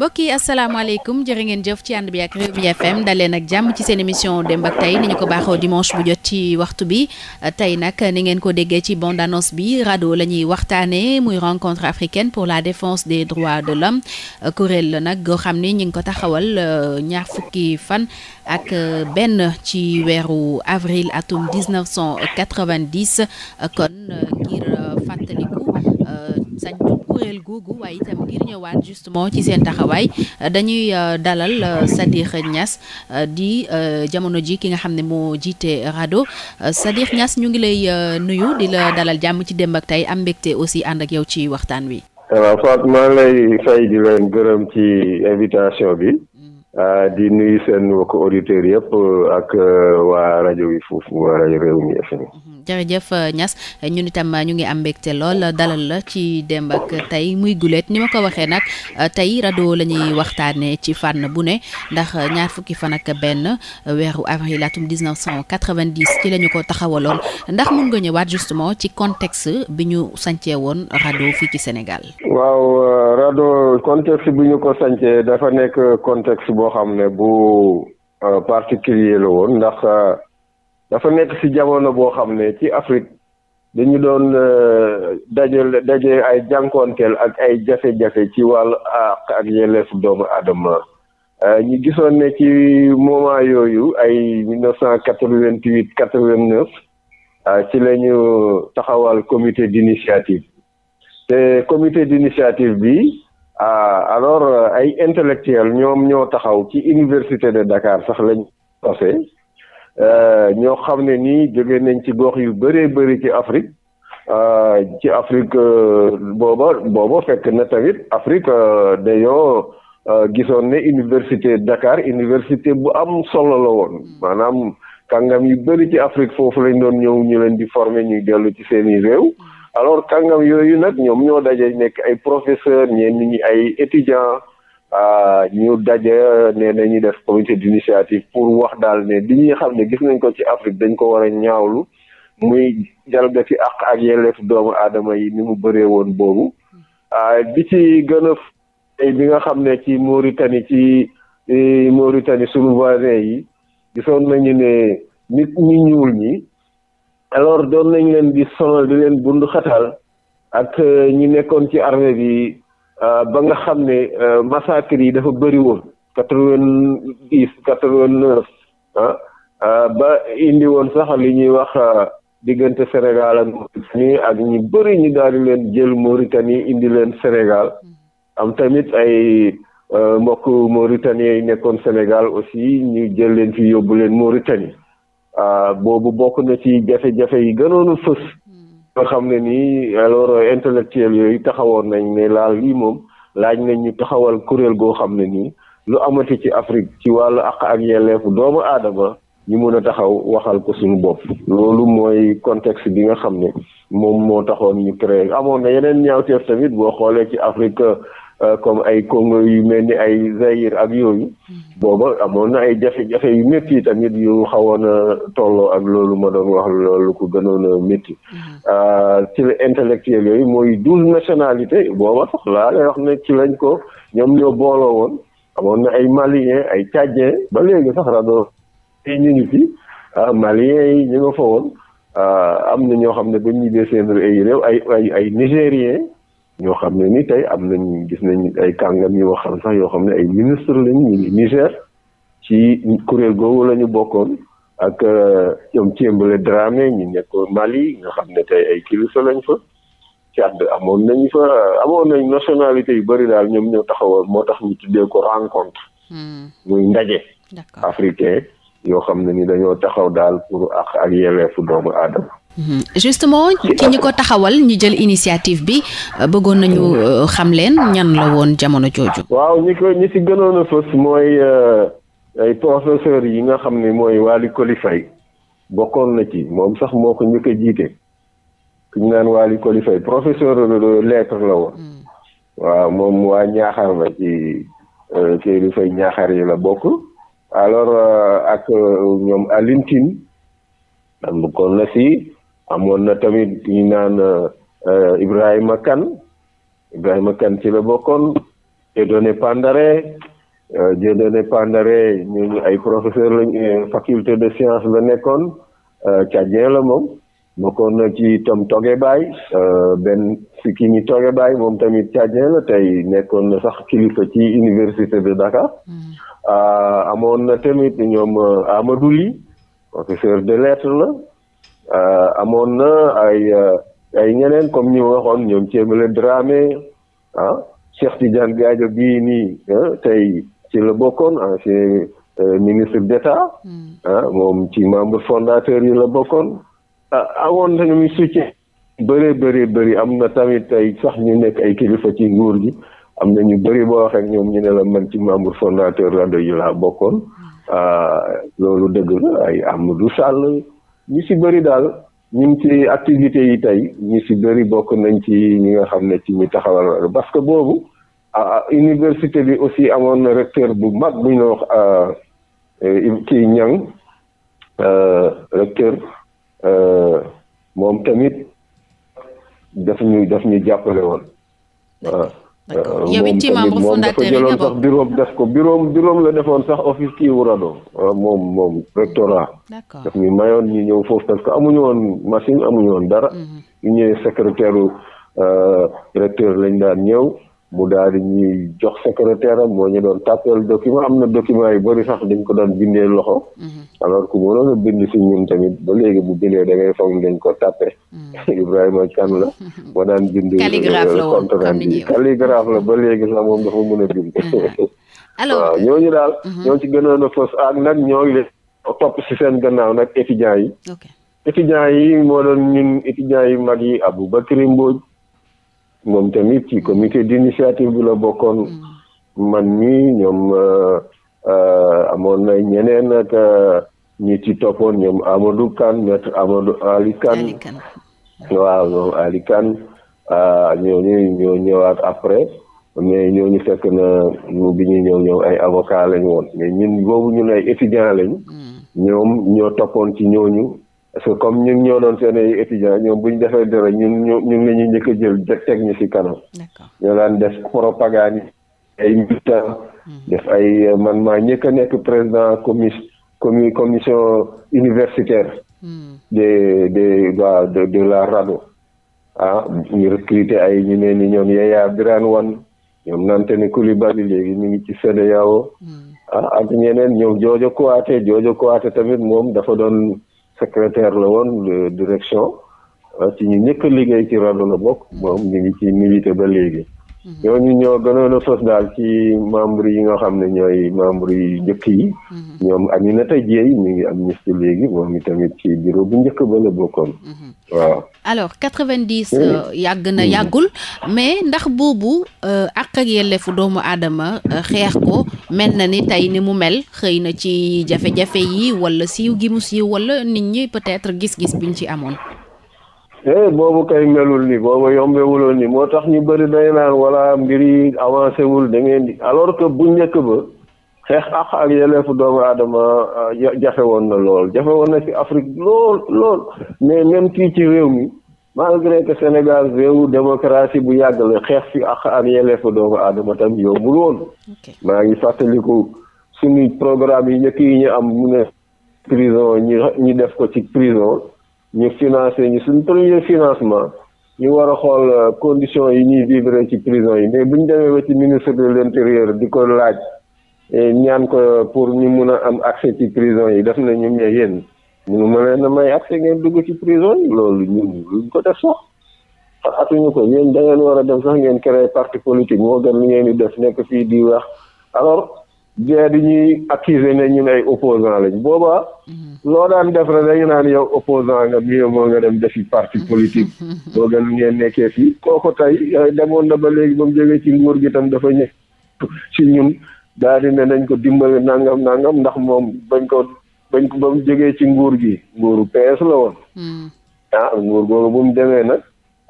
mbokk yi asalaamaaleykum jërë ngeen jëf ci ànd bi ak Rewmi FM daleen ak jàmm ci seen émission démb ak tey ni ñu ko baaxoo dimanche bu jot ci waxtu bi tey nag ni ngeen ko déggee ci bande annonce bi RADDHO la ñuy waxtaanee muy rencontre africaine pour la défense des droits de l'homme kuréel la nag goo xam ni ñu ngi ko taxawal euh, ñaar fukki fan ak euh, benn ci weeru avril atum 1990 kon euh, ngir fàttaliku sañ kuréel googu waaye itam ngir ñëwaat justement ci seen taxawaay dañuy euh, dalal euh, Sadikh ñas euh, di jamono ji ki nga xam ne moo jiite RADDHO Sadikh Niass ñu ngi lay nuyu di la dalal jàmm ci démb ak tey am aussi ànd ak yow ci waxtaan wi. waaw eh Fatou maa lay fay di leen gërëm ci invitation bi. Mm. di nuyu seen mbokku auditeurs yëpp ak waa rajo bi foofu waa rajo Rewmi FM mm-hmm. jërëjëf Niass ñun itam ñu ngi am mbégte lool dalal la ci démb tey muy guleet ni ma ko waxee nag tey rajo la ñuy waxtaanee ci fànn bu ne ndax ñaar fukki fan ak benn weeru avril atum 1990 ci la ñu ko taxawaloon ndax mun nga ñëwaat justement ci contexte bi ñu sancee woon rajo fii ci Sénégal. waaw rajo contexte bi ñu ko sancee dafa nekk contexte boo xam ne bu euh, particulier la woon ndax. dafa nekk ci jamono boo xam ne ci Afrique dañu doon euh, dajale daje ay jànkoonteel ak ay jafe-jafe ci wàll àq ak yelleefu doomu aadama euh, ñu gisoon ne ci moment yooyu ay cent 1988 89 euh, ci la ñu taxawal comité d'initiative te comité d'initiative bi alors ay intellectuels ñoom ñoo taxaw ci université de Dakar sax lañ passé Euh, ñoo xam ne nii jóge nañ ci gox yu bëree bëri ci Afrique euh, ci Afrique euh, booba booba fekk na tamit Afrique dañoo gisoon ne université Dakar université bu am solo la woon maanaam kàngam yu bëri ci Afrique foofu lañ doon ñëw ñu leen di former ñuy dellu ci seeni réew alors kàngam yooyu nag ñoom ñoo daje nekk ay professeur ñu ñi ay étudiants Euh, ñu daje ne nañuy def comité d'initiative pour wax daal ne di ñuy xam ne gis nañ ko ci Afrique dañ ko war a ñaawlu muy jalgati àq ak yelleef doomu aadama yi ni mu bëree woon boobu euh, bi ci gën bi nga xam ne ci Mauritanie ci Mauritanie sunu voisin yi gisoon nañu ne nit ñi ñuul ñi alors doon nañ leen gis sonal di leen bundu xatal ak euh, ñi nekkoon ci armée bi Euh, ba nga xam ne euh, massacre yi dafa bëri woon quatre vingt dix quatre vingt neuf ah. euh, ba indi woon sax li ñuy wax diggante Sénégal ak Mauritanie ak ñi bëri ñu daal di leen jël Mauritanie indi leen Sénégal mm-hmm. am tamit ay mbokk Mauritanie yi nekkoon Sénégal aussi ñu jël leen fi yóbbu leen Mauritanie boobu bokk na ci jafe-jafe yi gënoon fës nga xam ne nii alors intellectuel yooyu taxawoon nañ ne laal lii moom laaj nañ ñu taxawal kuréel goo xam ne nii lu amati ci Afrique ci wàllu àq ak yelleefu doomu aadama ñu mën a taxaw waxal ko suñu bopp loolu mooy contexte bi nga xam ne moom moo taxoon ñu créé amoon na yeneen ñaawteef tamit boo xoolee ci Afrique Euh, comme ay Congo yu mel ni ay Zaïre ak yooyu mm-hmm. booba amoon na ay jafe-jafe yu métti tamit yu xawoon a tolloo ak loolu ma doon wax loolu ko gënoon a métti mm-hmm. euh, ci la intellectuel yooyu mooy douze nationalité booba sax laa lay wax na ci lañ ko ñoom ñoo booloo woon amoon na ay Malien ay Tchadien ba léegi sax rado ah, Malien yi ñu nga fa woon ah, am na ñoo xam ne ba ñu seen ay réew ay ay ay Nigérien ñoo xam ne ni tey am nañ gis nañ ay kàngam yoo xam sax yoo xam ne ay ministre lañ ñu ngi mm-hmm. Niger ci kuréel googu lañu bokkoon ak euh, ñoom Tiembale drame ñu nekkoon Mali nga xam ne tey ay kilifa lañ fa Tchad amoon nañu fa amoon nañ nationalité yu bëri daal ñoom ñoo taxawal moo tax ñu tuddee ko rencontre mm-hmm. muy ndaje africain yoo xam ne ni dañoo taxaw daal pour ak ak yelleefu doomu aadama Mhm. justement ci ñi ko taxawal ñu jël initiative bi euh, bëggoon nañu euh, xam leen ñan la woon jamono jooju. waaw ñi ko ñi si gënoon a fës mooy euh, ay professeurs yi nga xam ni mooy waali Coly bokkoon na ci moom sax moo ko njëkk a jiite ku ñu naan waali Coly Faye professeur de lettres la woon. Mm. waaw moom waa ñaaxar la ci kii bi fay ñaaxar yi la bokk. alors ak ñoom Alioune Tine bokkoon na si. amoon na tamit ñu naan euh, Ibrahima Kane Ibrahima Kane ci la bokkoon Dieudonné Pandoré Dieudonné Pandoré ñooñu ay professeur lañ euh, faculté de science la nekkoon euh, Tchadien la moom bokkoon na ci Tom Togobaye benn si Sikini Togobaye moom tamit Tchadien la tey nekkoon na sax kilifa ci université de Dakar mm. amoon na tamit ñoom Amadou Ly professeur de lettres la Euh, amoon na ay euh, ay ñeneen comme ñu waxoon ñoom Thiemele Dramé ah Cheikh Tidiane Gadio bii nii ah, tey ci la bokkoon ancien euh, ministre d'État hmm. ah moom ci membre fondateur yi la bokkoon a ah, amoon nañu soutien bëree bëri bëri am na tamit tey sax ñu nekk ay kilifa ci nguur gi am na ñu bëri boo waxee ñoom ñu ne la man ci membre fondateur rajo yi laa bokkoon hmm. ah, loolu dëgg la ay Amadou Sall ñu si bëri daal ñu ngi ci activités yi tey ñu si bëri bokk nañ ci ñi nga xam ne ci ñi taxawal parce que boobu université bi aussi amoon na recteur bu mag bu ñu wax euh, euh, kii ñang euh, recteur moom tamit daf ñu daf ñu jàppale woon waaw yow it ci membre fondateur yi nga bokk moom def ko juróom juróom la defoon sax office kii wu rado euh, moom moom rectorat. d'accord daf ñu mayoon ñu ñëw foofu parce que amuñu woon machine amuñu woon dara. Mhm. ñu ñëwee secrétaire euh, directeur lañ daan ñëw. mu daal di ñuy jox secrétaire am moo ñu doon tàppeel document am na document yu bëri sax dañ ko daan bindee loxo mhm. alors que mënoon a bind si ñun tamit ba léegi bu bindee da ngay foog dañ ko tàppe mhm. Ibrahima Kan la moo daan bind euh, contenant yi calligraphe la ba léegi sax moom dafa mën a bind mhm. waaw ñooñu daal ñoo ci gënoon a fës ak nag ñoo ngi topp si seen gannaaw nag étudiants yi étudiants yi moo doon ñun étudiants yi mag yi abu ba Mbodj moom tamit ci comité d'initiative bi la bokkoon mm. man mi ñoom euh, euh, amoon na ñeneen ak euh, ñi ci toppoon ñoom Amadou Kane maître Amadou Ali Kane waaw ñoom Ali Kane ñooñu ñoo ñëwaat après mais ñooñu fekk na bi ñu ñëw ñëw ay avocat lañ woon mais ñun boobu ñun ay étudiant mm. ñoom ñoo toppoon ci ñooñu parce que comme ñu ngi ñoo doon seen ay étudiants ñoom bu ñu defee dara ñun ñu ñun la ñuy njëkk a jël teg ñu ci kanam. ñoo daan def propagande ay militants. Mhm. def man maa ñëkk a nekk président commis commi commission universitaire. Mhm. de de waa de de la RADDHO. ah ñu recruter ay ñu ne ni ñoom Yaya Birane Wane ñoom Nantale Coulibaly léegi ñu ngi ci CEDEAO. Mhm. ah ak ñeneen ñoom Jojo Koité Jojo Koité tamit moom dafa doon. secrétaire la woon direction euh, ci ñu ñëkk a liggéey ci rajo la bokk moom ñu ngi ci milité ba léegi Mhm. ñooñu ñoo gënoon a daal ci membre yi nga xam ne ñooy membre yu njëkk yi. Mhm. ñoom Aminata Dieye mi ngi am ministre léegi moom tamit ci bureau bu njëkk ba la bokkoon. Mhm. waaw alors 90. Euh, yàgg na yàggul mais ndax boobu euh, àq ak yelleefu doomu aadama euh, xeex ko mel na ni tey ni mu mel xëy na ci jafe-jafe yi wala siiw gi mu siiw wala nit ñi peut-être gis-gis ñu ci amoon. eh boobu kay melul ni boobu yombewuloon ni moo tax ñu bëri day naan wala mbir yi avancé wul da ngeen di alors que bu njëkk ba xeex ak ak yelleefu doomu aadama ah, jafe woon na lool jafe woon na ci Afrique lool lool mais même kii ci réew mi malgré que Sénégal réewu démocratie bu yàgg la xeex fi ak ak yelleefu doomu adama tam yombul woon maa ngi fàttaliku suñu programme yi njëkk yi ñu am mu ne prison ñu def ko ci prison ñu financé ñu suñ premier financement ñu war a xool euh, condition yi ñuy vivre ci prison yi mais bu ñu demee ba ci ministre de l'intérieur di ko laaj ñaan ko pour ñu mun a am accès ci prison yi def na ñu mais yéen munu ma leen a may accès ngeen dugg ci prison yi loolu ñu luñ ko def sax xalaatuñu ko yéen da ngeen war a dem sax ngeen kere parti politique moo gën li ngeen di def nekk fii di wax alors dee di ñuy accuser ne ñun ay opposant lañ booba mhm. loo daan def rek dañu naan yow opposant nga mieux moo nga dem def defi parti mhm. politique boo gën ngeen nekkee fii kooku tey eh, demoon na ba léegi ba mu jógee ci nguur gi tam dafa ñu ci ñun daal di ne nañ ko dimbali nangam nangam ndax moom bañ ko bañ ko ba mu jógee ci nguur gi nguuru PS la woon mhm. ah nguur googu bu mu demee nag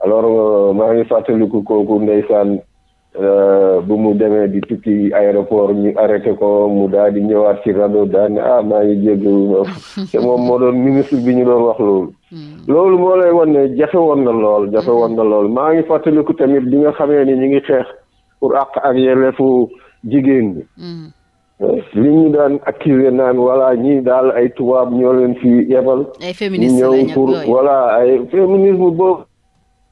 alors euh, maa ngi fàttaliku kooku ndeysaan Euh, bu mu demee di tukki aéroport ñu arrêté ko mu daal di ñëwaat ci rajo daal ne ah maa ngi jéggalu te moom moo doon ministre bi ñu doon wax loolu. Hmm. loolu moo lay wan ne jafe woon na lool jafe woon na lool maa ngi fàttaliku tamit bi nga xamee ni ñu ngi xeex pour àq ak yelleefu jigéen bi hmm. eh, li ñu daan activé naan wala ñii daal ay tubaab ñoo leen fi yebal. ay ñëw pour voilà ay féminisme boobu.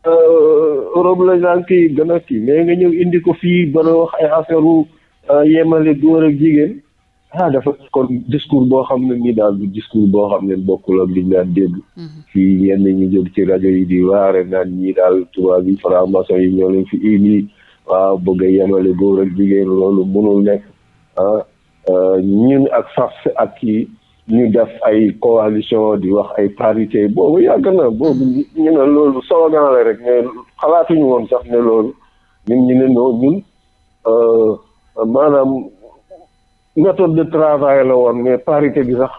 Euh, rob la daal kii gën a kii mais nga ñëw indi ko fii ba wax ay affaire euh, yemale góor ak jigéen ah dafa kon discours boo xam ne nii daal du discours boo xam ne bokkul ak liñ daan dégg. Mhm. fii yenn ñu jóg ci rajo yi di waare naan ñii daal tubaab yi franc-maçon yi ñoo leen fi indi waaw bëgg a yemale góor ak jigéen loolu mënul nekk ah euh, ñun ak sax ak kii. ñu def ay coalition di wax ay parité boobu yàgg na boobu ñu ne loolu soo la rek xalaatuñu woon sax ne loolu ñun ñu ne noo ñun euh, maanaam méthode de travail la woon mais parité bi sax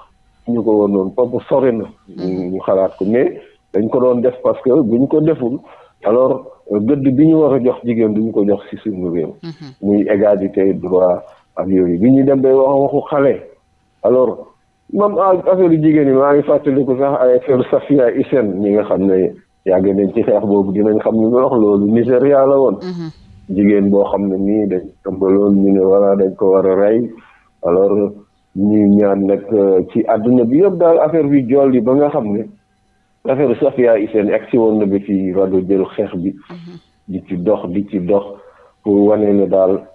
ñu ko woon noonu foofu sori na mm-hmm. ñu xalaat ko mais dañ ko doon def parce que bu ñu ko deful alors euh, gëdd bi ñu wax jox jigéen duñu ko jox ci suñu réew mm-hmm. muy égalité droit ak yooyu bi ñuy dem bay wax waxu xale alors moom ah, affaire jigéen yi maa ngi fàttaliku sax ay affaire Safia Hissène ñi nga xam ne yàgg nañ ci xeex boobu dinañ xam ne ñu wax loolu Nigéria la woon. Mm-hmm. jigéen boo xam ne nii dañ tëmbaloon ñu ne dañ ko war a rey alors ñuy ñaan euh, ci àdduna bi yëpp daal affaire bi jool yi ba nga xam ne affaire Safia Hissène egg si woon na ba ci rajo jël xeex bi. Mm-hmm. di ci dox di ci dox pour wane ne daal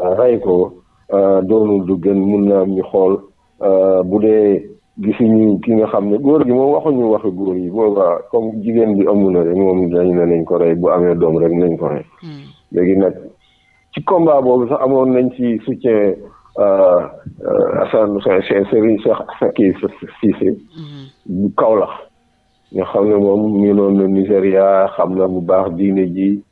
euh, rey ko euh, doonul du gën mun naa ñu xool. Euh, bu dee gisuñu ki nga xam ne góor gi moom waxuñu waxi góor yi boobaa comme jigéen bi amu na rek moom dañu ne nañ ko rey bu amee doom rek nañ ko rey. Hmm. léegi nag ci combat boobu sax amoon nañ ci soutien euh, euh, Assane Serigne Cheikh kii Cissé hmm. bu Kaolack nga xam ne moom miinoon na Nigéria xam na bu baax diine ji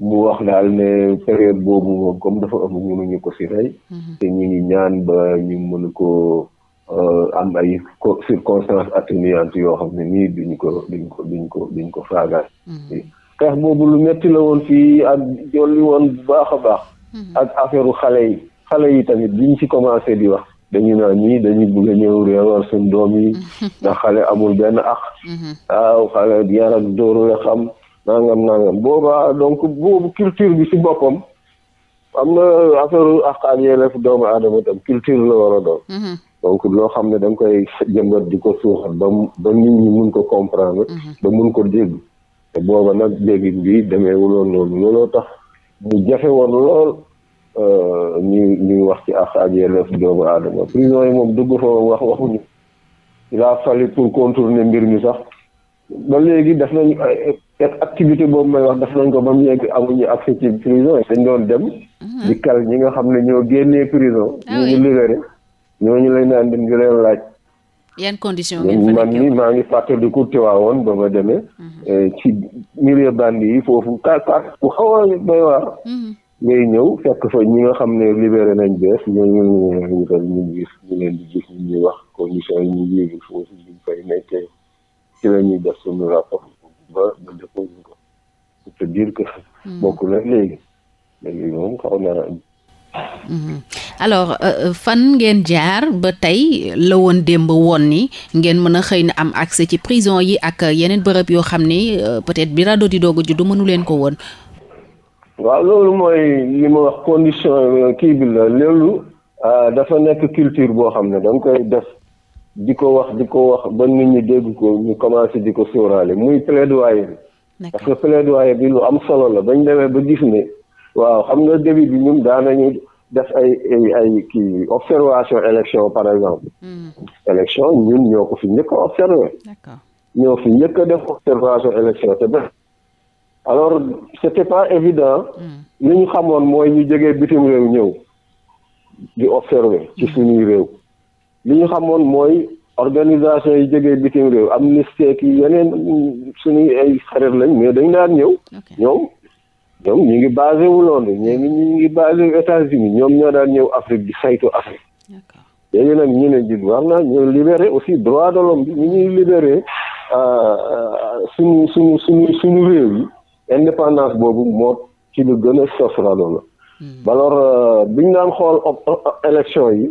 ñu wax daal ne période boobu moom comme dafa am ñu ko si rey mhm. te ñu ngi ñaan ba ñu mën ko euh, am ay circonstances atténuantes yoo xam ne nii duñ ko duñ ko duñ ko duñ ko faagaal mhm. xeex boobu lu metti la woon fii ak jolli woon bu baax a baax mhm. ak affaire xale yi xale yi tamit duñ ci commencé di wax dañu naa ñii dañu bëgg a ñëw réewal seen doom yi ndax xale amul benn ax waaw xale yar ak dóoru xam nangam nangam boobaa donc boobu culture bi ci boppam am na affaire ak ak yelleef doomu aadama tam culture la war a doon. Mhm. donc loo xam ne da koy jëmbat di ko suuxat ba ba nit ñi mun ko comprendre. Mhm. ba mun ko dégg. te booba nag déggin bi demeewul woon loolu looloo tax mu jafe woon lool ñu euh, ñuy wax ci ak ak yelleef doomu aadama prison yi moom dugg fa wax waxuñu il a fallu pour contourner mbir mi sax. ba léegi def nañu activité boobu may wax def nañ ko ba mu yegg amuñu accès ci prison dañ mhm. di kal ñi nga xam ne ñoo génnee prison ah ñu ñu libéré naan di laaj yan condition ngeen man ni maa ngi fàttaliku Tiwaawoon ba ma demee mhm. eh, ci milieu yi foofu kaar kaar bu xaw mhm. ñëw fekk fa ñi nga xam ne libéré nañ bees ñooñu ñu ñu ñu leen di gis ñu leen gis ñu ñuy wax condition yi ñu yéegi foofu ñu fay nekkee ci la ñuy def suñu rapport ba ba ko c'est dire que. Hmm. bokk na léegi léegi hmm. euh, euh, fan ngeen jaar ba tey la woon démb woon ni ngeen mën a xëy na am accès ci prison yi ak yeneen bërëb yoo xam ni euh, peut-être bi rajo di doog a juddu mënu leen ko woon. waaw loolu mooy li wax condition kii bi la loolu dafa nekk culture boo xam ne da nga koy def. di ko wax di ko wax ba nit ñi dégg ko ñu commencé di ko sóoraale muy plaidoyer bi parce que plaidoyer bi lu am solo la bañ demee ba gis ne waaw xam nga début bi ñun daanañu def ay ay ay kii observation élection par exemple mm-hmm. élection ñun ñoo ko fi njëkk a observé fi njëkk a def observation élection te def alors c'était pas évident mm. li ñu xamoon mooy ñu jege bitim réew ñëw di observé ci mm. suñuy réew li ñu xamoon mooy organisation yi jógee bitim réew am Amnesty yi yeneen suñu ay xarit lañ mais dañ daan ñëw ñoom ñoom ñu ngi basé wu Londres ñu ngi ñu ngi basé États-Unis ñoom ñoo daan ñëw Afrique di saytu Afrique léegi nag ñu ne ji war naa ñu libéré aussi droit de l'homme ñu ñuy libéré euh, euh, suñu suñu suñu suñu réew yi indépendance boobu moo ci lu gën a sosraloo la hmm. alors euh, biñ daan xool élection yi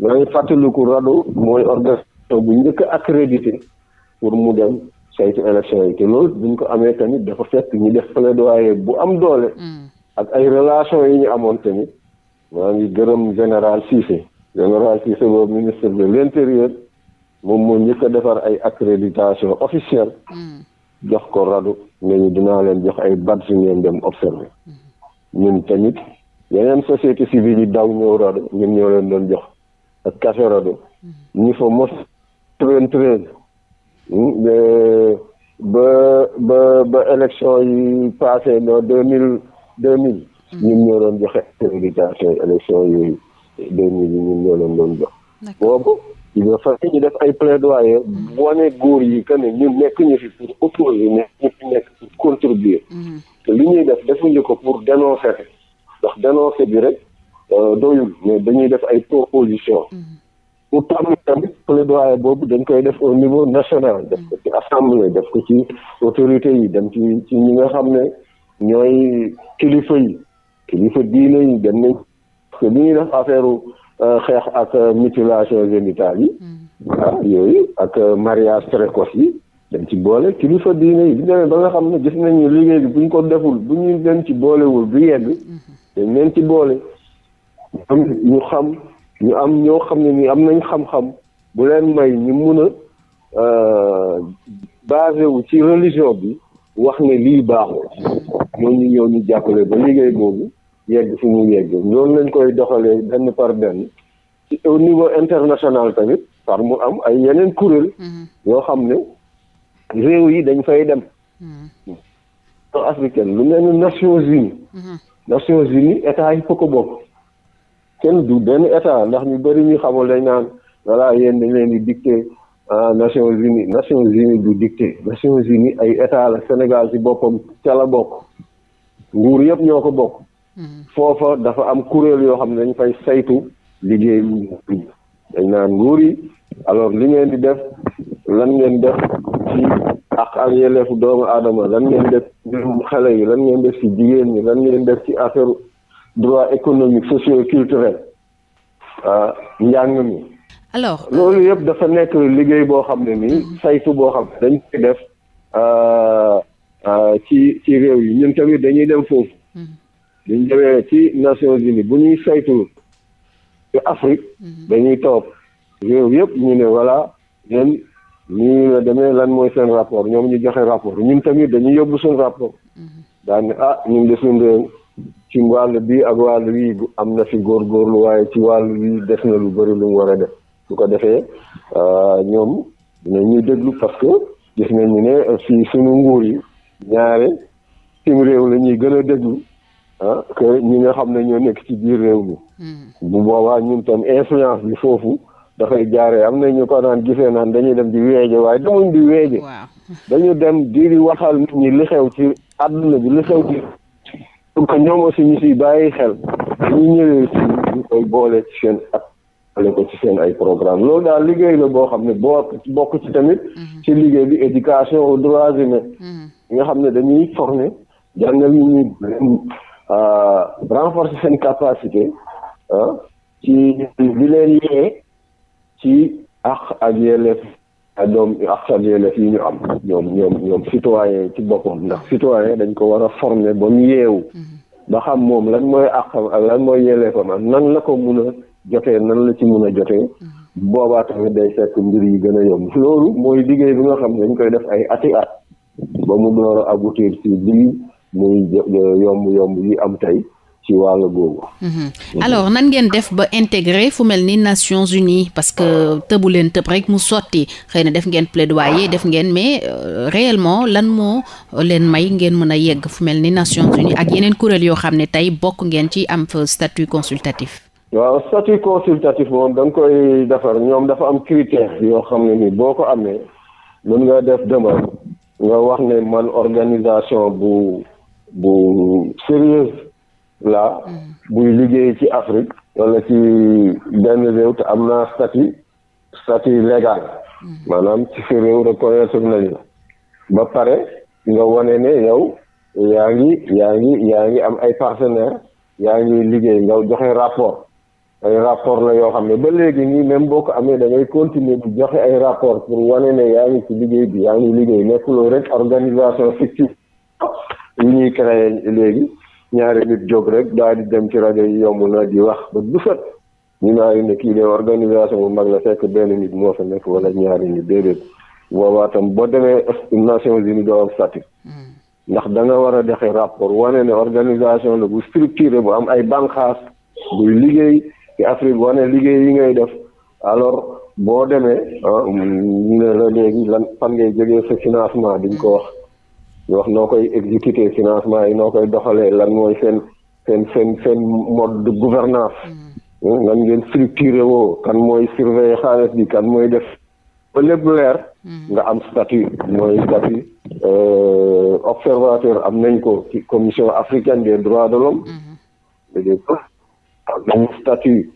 maa fàttaliku RADDHO mooy organisation bu njëkk a accrédité pour mu dem saytu élection yi te loolu buñ ko amee tamit dafa fekk ñu def plaidoyer bu am doole. Mm. ak ay relation yi ñu amoon tamit maa ngi gërëm général Cissé général Cissé boobu ministre de l' intérieur moom moo njëkk a defar ay accréditation officielle mm. jox ko RADDHO ne dinaa leen jox ay badge ngeen dem observé mm. ñun tamit yeneen société civile yi daw ñëw RADDHO ñun ñoo leen doon jox. Kasaraɗo ñifo mhm. mos trentreuse hmm, ba ba ba élection yi passé no deux mille deux mille mhm. ñun ñoo doon yi élection yooyu deux jox boobu il fa ñu def ay plaidoyer mhm. wane góor yi que ne nekk ñu fi pour opposer ne ñu fi nekk pour contribuer te ñuy def defuñu ko pour dénoncer ndax dénoncer bi rek Euh, doyul mais dañuy def ay proposition pour mm-hmm. tàmm tamit plaidoyer boobu dañ koy def au niveau national mm-hmm. def ko ci assemblée def ko ci autorité yi dem ci ci ñi nga xam ne ñooy kilifa yi kilifa diine yi dem nañ parce que bi def affaire euh, xeex ak euh, mutilation génitale yi waaw mm-hmm. ah, yooyu ak mariage précoce yi dañ ci boole kilifa diine yi ba nga xam ne gis nañu liggéey bi buñ ko deful bu dem ci boolewul du yegg dañ leen ci boole am ñu xam ñu am ñoo xam ne ni am nañ xam-xam bu leen may ñu mun a euh, basé wu ci religion bi wax ne lii baaxul ñooñu ñëw ñu jàppale ba liggéey boobu yegg fi mu yegg noonu lañ koy doxalee benn par benn ci au niveau international tamit par mu am ay yeneen kuréel mm-hmm. yoo xam ne réew yi dañ fay dem mm-hmm. africaine lu mel ni Nations Unies mm-hmm. Nations Unies état yi fa ko bokk kenn du benn état ndax ñu bari ñu xamoo dañ naan voilà yéen dañ leen di dicté ah Nations Unies Nations Unies du dicté Nations Unies ay état la Sénégal ci boppam ca bokk nguur yëpp ñoo ko bokk. Hmm. foofa dafa am kuréel yoo xam ne dañ fay saytu liggéey bi dañ naan nguur yi alors li ngeen di def lan ngeen def ci ak ak yelleefu doomu aadama lan ngeen def ci yi lan ngeen jigéen ñi lan ngeen def ci affaire. droit économique socio culturel ah njàng mi. alors euh, loolu yëpp dafa nekk liggéey boo xam ne nii mhm. saytu boo xam ne dañ def ah, ah, ci ci réew yi ñun tamit dañuy dem foofu. Mhm. buñ demee ci Nations Unies bu ñuy saytu ci Afrique mhm. dañuy toog réew yëpp ñu ne voilà ñun nii la demee lan mooy seen rapport ñoom ñu joxe rapport ñun tamit dañuy yóbbu suñu rapport daan ne ah ñun de suñu réew. ci wàll bi ak wàll wi am na fi góorgóorlu waaye ci wàll wi def na lu bari lu mu war a def su ko defee euh, ñoom dina ñuy déglu parce que gis nañu ne si suñu nguur yi ñaari suñu réew la ñuy gën a déglu ah que ñi nga xam ne ñoo nekk ci biir réew mi. Hmm. bu boobaa ñun tam influence bi foofu dafay jaaree am na ñu ko naan gisee naan dañuy dem di weeje waaye demuñ di weeje dañu dem di waxal nit ñi li xew ci àdduna bi li xew ci pour que ñoom aussi ñu si bàyyi xel ñu ñëwee si ñu koy boole ci seen ak boole ko ci seen ay programme loolu daal liggéey la boo xam ne boo bokk ci tamit mhm. ci liggéey bi éducation aux droits humains mhm. ñi nga xam ne dañuy former jàngal ñu ñuy euh, renforcer seen capacité ah, ci leen yee ci ak ak yelleef doom ak yelleef yi ñu am ñoom ñoom ñoom citoyen ci boppam ndax citoyen dañ ko war a forme ba mu yeewu mm-hmm. ba xam moom lan mooy àqam ak lan mooy yelleefam ak nan la ko mun a jotee nan la ci mun a jotee mm-hmm. boobaa tamit day fekk mbir yi gën a yomb loolu mooy liggéey bi nga xam dañ koy def ay ati at ba mu door a aboutir ci lii muy yomb yomb yi am tey ci wàll googu. Mhm. Mhm. alors nan ngeen def ba intégré fu mel ni Nations Unies parce que tëbu leen tëb rek mu sotti xëy na def ngeen plaidoyer def ngeen mais euh, réellement lan moo leen may ngeen mën a yegg fu mel ni Nations Unies ak yeneen kuréel yoo xam ne tey bokk ngeen ci am fa statut consultatif. waaw statut consultatif moom da nga koy defar ñoom dafa am critère yoo xam ne ni boo ko amee mën nga def demande nga wax ne man organisation bu bu sérieuse la buy liggéey ci Afrique wala ci benn réew te am na statut statut légal maanaam ci sa réew reconnaître nañu la ba pare nga wane ne yow yaa ngi yaa ngi yaa ngi am ay partenaire yaa ngi liggéey nga joxe rapport ay rapport la yoo xam ne ba léegi nii même boo ko amee da ngay continuer di joxe ay rapport pour wane ne yaa ngi ci liggéey bi yaa ngi liggéey nekkuloo rek organisation fictive yi ñuy créé léegi ñaari nit jóg rek daal di dem ci rajo yi yomb na di wax ba du fët ñu naan ne kii de organisation bu mag la fekk benn nit moo fa nekk wala ñaari nit déedéet boobaa tam boo demee Nations Unies doo am statut hmm. ndax da nga war a rapport wane ne organisation la bu structuré bu am ay banqaas buy liggéey ci Afrique wane liggéey yi ngay def alors boo demee ah la léegi lan fan ngay jógee sa financement diñ ko wax wax noo koy exécuter financement yi noo koy doxalee lan mooy seen seen seen seen mode gouvernance mm. nan ngeen structuré woo kan mooy surveiller xaalis bi kan mooy def ba lépp leer mm. nga am statut mooy statut euh, observateur am nañ ko ci commission africaine des droits de l'homme mm-hmm. nañu statut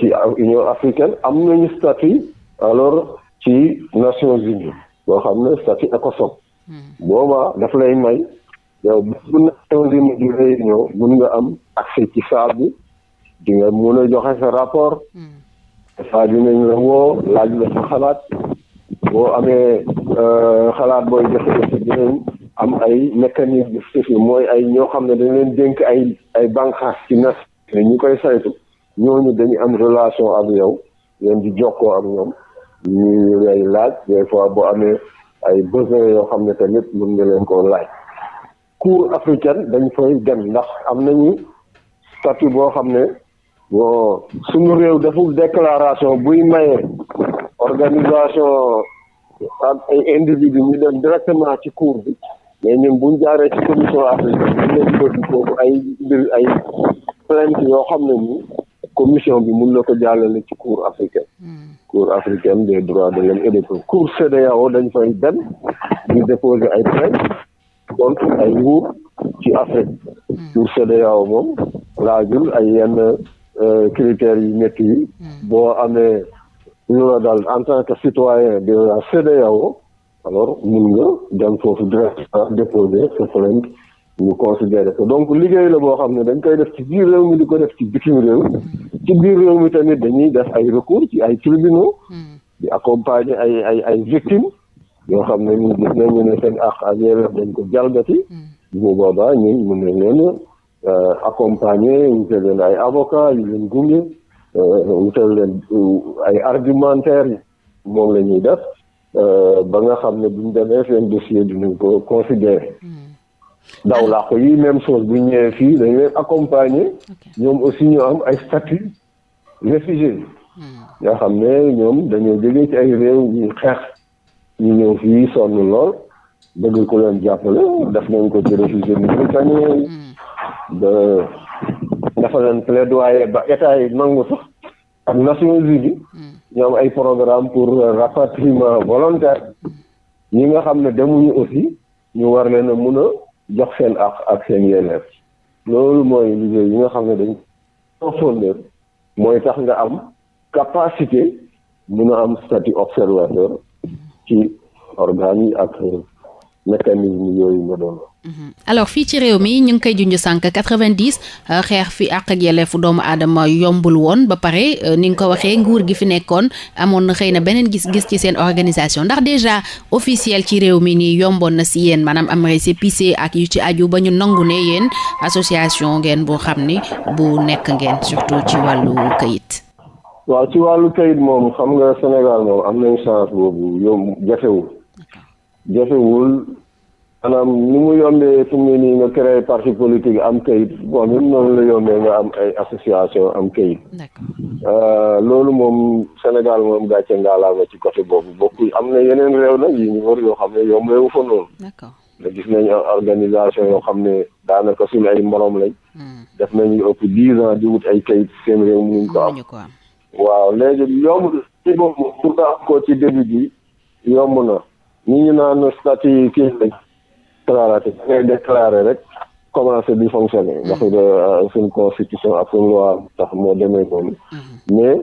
ci union africaine am nañu statut alors ci nations unies boo xam ne statut ECOSOC booba daf lay may yow bu na enzyme du mun nga am accès ci salle bi di nga mun a joxe sa rapport hmm. saa laaj xalaat boo amee euh, xalaat booy joxe aussi dinañ am ay mécanisme de suivi mooy ay ñoo xam ne dañ leen dénk ay ay bànqaas ci nas ñu koy saytu ñooñu dañu am relation ak yow leen di jokkoo ak ñoom ñu lay laaj des fois boo amee ay besoins yoo xam ne tamit mën nga leen koo laaj cour africaine dañ fay dem ndax am nañu statut boo xam ne boo suñu réew deful déclaration buy maye organisation ak ay individu ñu dem directement ci cour bi mais ñun buñ jaaree ci commission africaine ñu leen bëgg foofu ay mbir ay plainte yoo xam ne ni commission bi mun na ko jàllale ci cour africaine cour africaine des droits de l'homme et des cour CEDEAO dañ fay dem di déposer ay plainte contre ay nguur ci Afrique hmm. cour CEDEAO moom laajul ay yenn euh, critères yu métti yi hmm. boo amee lu la dal en tant que citoyen de la CEDEAO alors mun nga dem foofu directement déposer sa plainte ñu considéré ko donc liggéey la boo xam ne dañ koy def ci biir réew mi di ko def ci bitim réew ci biir réew mi tamit dañuy def ay recours ci ay tribunaux di accompagner ay ay ay victimes yoo xam ne ñu gis nañu ne seen àq ak yelleef dañ ko jalgati mm. bu boobaa ñun mun nañ leen euh, accompagner wutal leen ay avocat yu leen gunge euh, wutal leen euh, ay yi moom la ñuy def ba nga xam ne buñ demee seen dossier dinañ ko considérer mm. daw làq yi même chose bu ñëwee fii dañ leen accompagner ñoom aussi ñu am ay statut réfugié yoo hmm. xam ne ñoom dañoo jógee ci ay réew ñu xeex ñu ñëw fii sonn lool bëgg ko leen jàppale def nañ ko ci réfugié ni britannique hmm. ba dafa leen plaidoyer ba état yi nangu sax ak Nations Unies ñu am hmm. ay programme pour rapatriement volontaire ñi nga xam ne demuñu aussi ñu war leen a mun a jox seen àq ak seen yelleef loolu mooy liggéey yi nga xam ne dañ fonctionnaire mooy tax nga am capacité mun a am statut observateur ci organes yi ak mécanisme yooyu nga doon wax. Mhm. alors fii ci réew mi ñu ngi koy junj sànq quatre-vingt-dix euh, xeex fi àq ak fu doomu aadama yombul woon ba pare euh, ni nga ko waxee nguur gi fi nekkoon amoon na xëy na beneen gis-gis ci seen organisation ndax déjà officiel ci réew mi nii yomboon na si yéen maanaam am récépissé ak yu ci aju ba ñu nangu ne yéen association ngeen boo xam ni bu nekk ngeen surtout ci wàllu kayit. waaw ci wàllu kayit moom xam nga Sénégal moom am jafewul maanaam ni mu yombee fi mu nii nga créer parti politique am kayit bon ñun noonu am ay association am kayit euh, loolu moom Sénégal moom gàcce ngaalaama ci côté boobu bokku am na yeneen réew nag yi ñu war yoo xam ne yombee wu fa noonu da gis nañu organisation yoo xam ne daanaka suñu ay moroom lañ hmm. def nañu ëpp dix ans di wut ay kayit seen réew mënuñ ko am waaw léegi yomb ci boobu pour nga am ko ci début bi yomb na ñi ñu naan statut kii déclaratif da déclarer rek commencé bi fonctionner ndax mm-hmm. euh, suñ constitution ak suñ loi tax moo demee noonu mm-hmm. mais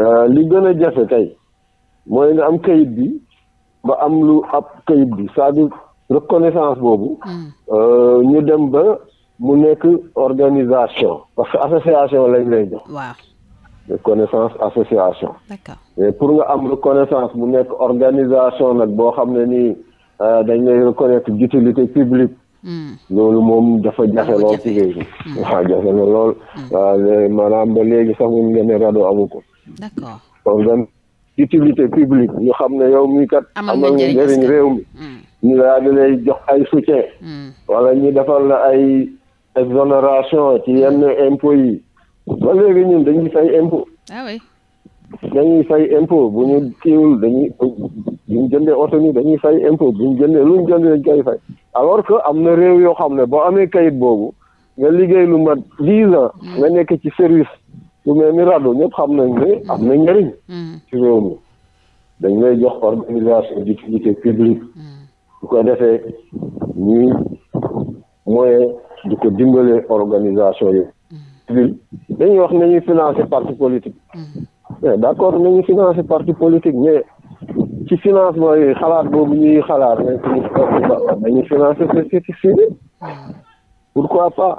euh, li gën a jafe tey mooy nga am kayit bi ba am lu ab kayit bi c'est-à-dire reconnaissance boobu mm. euh, ñu dem ba mu nekk organisation parce que association lañ lay jox reconnaissance association. d'accord pour nga am reconnaissance bu nekk organisation nag boo xam ne nii euh, dañ lay reconnaître d'utilité publique. Hmm. loolu moom dafa jafe lool ci réew mi. Hmm. jafe na lool. Hmm. maanaam ba léegi sax mu ngi ne rajo amu ko. d'accord kon ren utilité publique ñu xam ne yow mi kat. amal nga njëriñ réew mi. ñu daal di lay jox ay soutien. wala ñu defal la ay exonération ci yenn impôts yi. ba léegi ñun dañuy fay impôt. ah oui. dañuy fay impôt bu ñu kiiwul dañuy bu jëndee oto ni dañuy fay impôt bu ñu jëndee lu ñu jëndee dañ koy fay alors que am na réew yoo xam ne boo amee kayit boobu nga liggéey lu mat dix ans nga nekk ci service lu mel ni rajo ñëpp xam nañ ne am na njëriñ mm. ci réew mi dañ lay jox organisation d'utilité publique mm. bu ko defee ñuy moyen di ko dimbalee organisation yi civil dañuy wax nañuy financé parti politique mais mm-hmm. eh, d' accord nañu financé parti politique mais ci financement yi xalaat boobu ñuy xalaat nañ dañuy financé société civile mm-hmm. pourquoi pas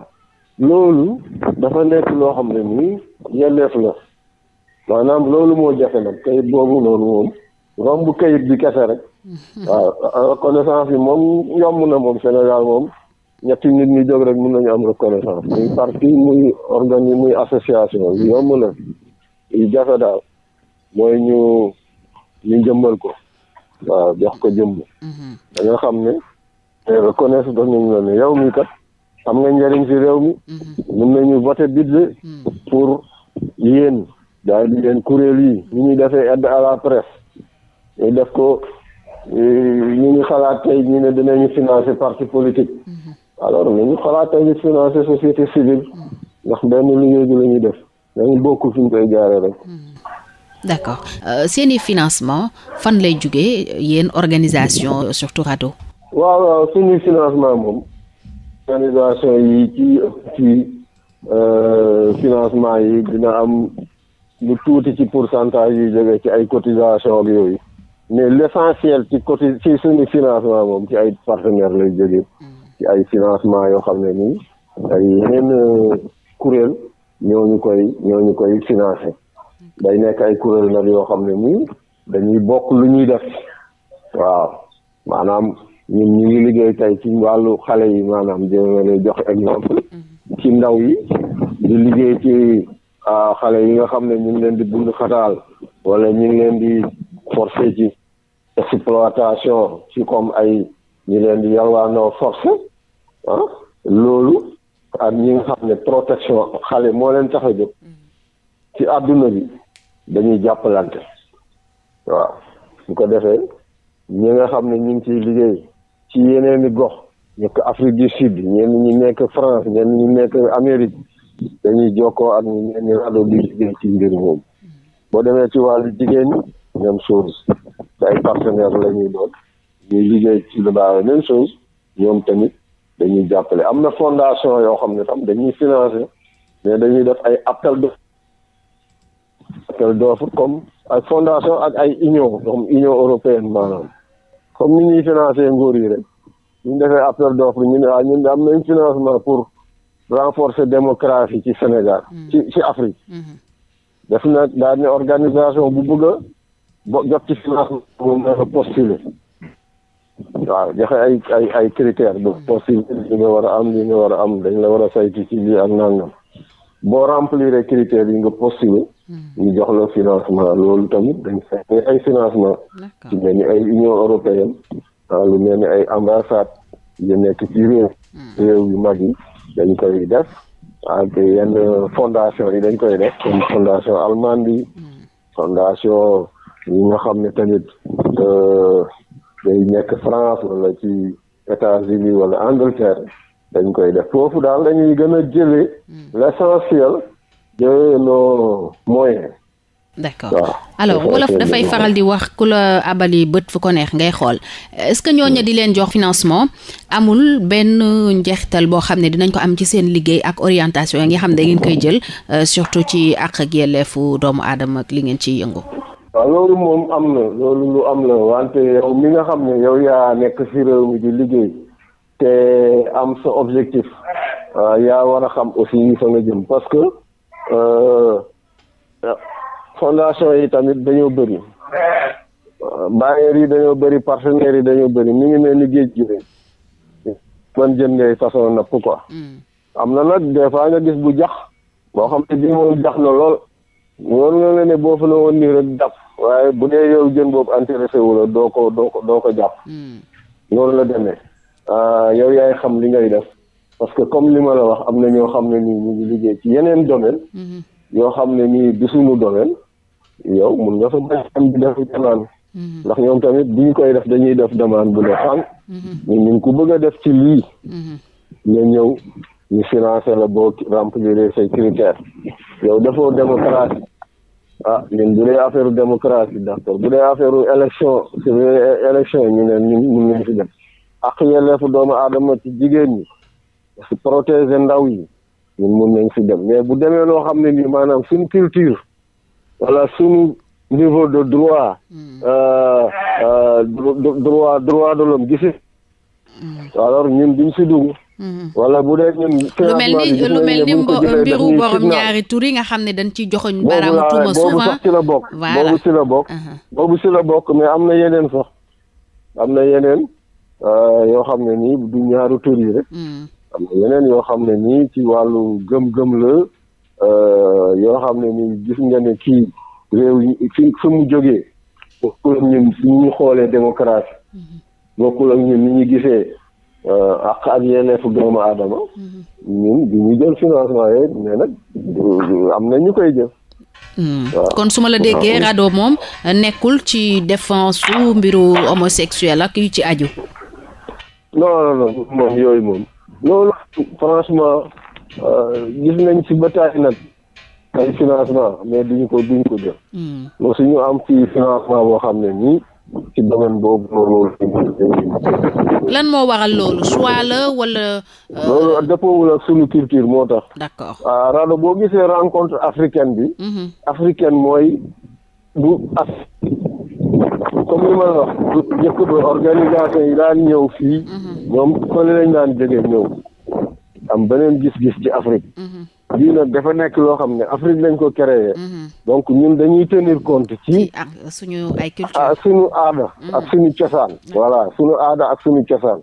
loolu dafa nekk loo xam ne nii yelleef la maanaam loolu moo jafe nag kayit boobu noonu moom romb kayit bi kese rek mm-hmm. waaw reconnaissance bi moom yomb na moom Sénégal moom ñetti nit ñu jog rek mun nañu am reconnaissance muy parti muy organe muy association mm-hmm. yomb na yu jafe daal mooy ñu ñu jëmmal ko waaw jox ko jëmm mm-hmm. da nga xam ne reconnaissance dox nañu la ne yow mi kat am nga njëriñ si réew mi mën mm-hmm. nañu voté budget pour yéen daal di leen kuréel yi ñu ñuy defee aide à la presse ñu def ko euh, ñu ngi xalaat tey ñu ne dinañu financer parti politique alors nañu xalaat tamit financer société civile ndax benn liggéey bi la ñuy def dañu bokk fi ñu koy jaaree rek. d'accord euh, seen i financement fan lay jugee yéen organisation surtout rajo. waaw waaw suñuy financement moom organisation yi ci ci euh, financement yi dina am lu tuuti ci pourcentage yu jógee ci ay cotisation ak yooyu mais l'essentiel ci côté ci suñu financement moom ci ay partenaires lay jóge ci ay financement yoo xam ne nii ay yeneen euh, kuréel ñooñu koy ñooñu koy finance day nekk ay kuréel nag yoo xam ne nii dañuy bokk lu ñuy def waaw maanaam ñun ñu ngi liggéey tey ci wàllu xale yi maanaam dina lay jox exemple mm-hmm. ci ndaw yi ñu liggéey ci xale yi nga xam ne ñu ngi leen di bund walla ñu ngi leen di forcé ci exploitation ci comme ay ñu leen di yalwaanoo forcé ah loolu ak ñi nga xam ne protection xale moo leen tax a ci àdduna bi dañuy jàppalante waaw su ko defee ñi nga xam ne ñu ngi ciy liggéey ci yeneeni i gox nekk Afrique du Sud ñenn ñi nekk France ñenn ñi nekk Amérique dañuy jokkoo ak ñu ñenn ñi rajo di liggéey ci mbir moomu boo demee ci wàllu jigéen ñi même chose ay partenaires la ñuy ñuy liggéey ci lu baax même chose ñoom tamit. dañuy jàppale am na fondation yoo xam ne tam dañuy financer mais dañuy def ay appel de appel comme ay fondation ak ay union comme union européenne maanaam comme ni ñuy financer nguur yi rek ñu defee appel d'offre ñu ne ah ñun am nañ financement pour renforcer démocratie ci Sénégal mm. ci ci Afrique mm-hmm. def na daal ne organisation bu bëgg a jot ci financement postuler waaw joxe ay ay ay critères bu possible li nga war a am li nga war a am dañ la war a saytu ci lii ak nangam boo remplir critères yi nga possible hmm. ñu jox la financement loolu tamit dañ fekk ay financement ci mel ni ay union européenne ah, lu mel ni ay ambassade yu nekk ci réew hmm. réew yu mag yi dañ koy def yenn fondation yi dañ koy def comme fondation allemande yi hmm. fondation yi nga xam ne tamit euh, day nekk France wala ci États-Unis wala Angleterre dañ koy def foofu daal dañuy gën a jëlee hmm. de nos moyens. d'accord waaw wolof dafay faral di wax ku la abali bët fu ko neex ngay xool est-ce que ñooñu hmm. di leen jox financement amul benn njeextal boo xam ne dinañ ko am ci seen liggéey ak orientation yi nga xam ne da ngeen koy jël euh, surtout ci àq ak yelleefu doomu aadama li ngeen ciy yëngu. waaw loolu moom am na loolu lu am la wante yow mi nga xam ne yow yaa nekk si réew mi di liggéey te am sa objectif yaa war a xam aussi fa nga jëm parce que euh, fondation yi tamit dañoo bëri bailleurs yi dañoo bëri partenaires yi dañoo bëri mu ngi mel liggéey géej gi rek man jën ngay façon napp quoi hmm. am na nag des nga gis bu jax boo xam ne bii moom jax na lool wóor nga ne boo fa la woon nii rek dàpp waaye bu dee yow jën boobu intéressé wu doo ko doo ko doo ko jàpp. loolu hmm. la demee ah, yow yaay xam li ngay def parce que comme li ma la wax am na ñoo xam ne nii ñu ngi liggéey ci yeneen domaine. Hmm. yoo xam ne nii du suñu domaine yow mun nga fa bañ am def hmm. ndax ñoom tamit bu ñu koy def dañuy def demande bu ne fànn. ñu ngi ko bëgg a def ci lii. nga ñëw ñu financé la boo remplir say critères yow dafoo démocratie. ah ñun bu dee affaire démocratie d'accord bu dee affaire élection su élection ñu ne ñun ñun ñu fi dem ak yelleefu doomu aadama ci jigéen ñi si protéger ndaw ñi ñun mun nañ si dem mais bu demee loo xam ne nii maanaam suñu culture wala suñu niveau de droit hmm. euh, euh, droit droit de l'homme gisi hmm. alors ñun duñ si dugg Mm-hmm. wala bu dee ñun. lu mel ni lu ni mbiru borom ñaari tur nga xam ne dañ ciy joxoñ baraamu tuuma souvent boobu sax ci la bokk. Uh-huh. boobu ci la bokk. mais am na yeneen sax am na yeneen euh, yoo xam ne nii du ñaaru tur yi rek. Mm. am na yeneen yoo xam ne nii ci wàllu gëm-gëm la euh, yoo xam ne nii gis nga ne kii réew fi fi mu jógee bokkul ak ñun ñu xoolee démocratie mm-hmm. bokkul ak ñun ni ñu gisee. àq euh, ak yelleefu doomu aadama ñun du ñu jël financement yooyu mais nag am na ñu koy jël hmm. kon su ma la déggee RADDHO moom euh, nekkul ci défense su mbiru homosexuel ak yu ci aju non non moom yooyu moom loolu franchement euh, gis nañ ci bataay nag ay financement mais duñu ko duñu ko jël hmm. moo suñu am ci financement boo xam ne nii ci domaine boobu noonu lan moo waral loolu choix la wala. Euh, loolu dëppoowul ak suñu culture moo tax. d'accord ah, rado boo gisee rencontre africaine bi. Mm-hmm. africaine mooy bu af comme li ma la wax njëkk organisation yi daan ñëw fii. Mm-hmm. ñoom fële lañ daan jógee ñëw am beneen gis-gis ci Afrique. Mm-hmm. lii nag dafa nekk loo xam ne Afrique lañ ko créé. Mhm. donc ñun dañuy tenir compte ci. ak suñu ay aada. Mhm. ak suñu cosaan. voilà suñu aada ak suñu cosaan.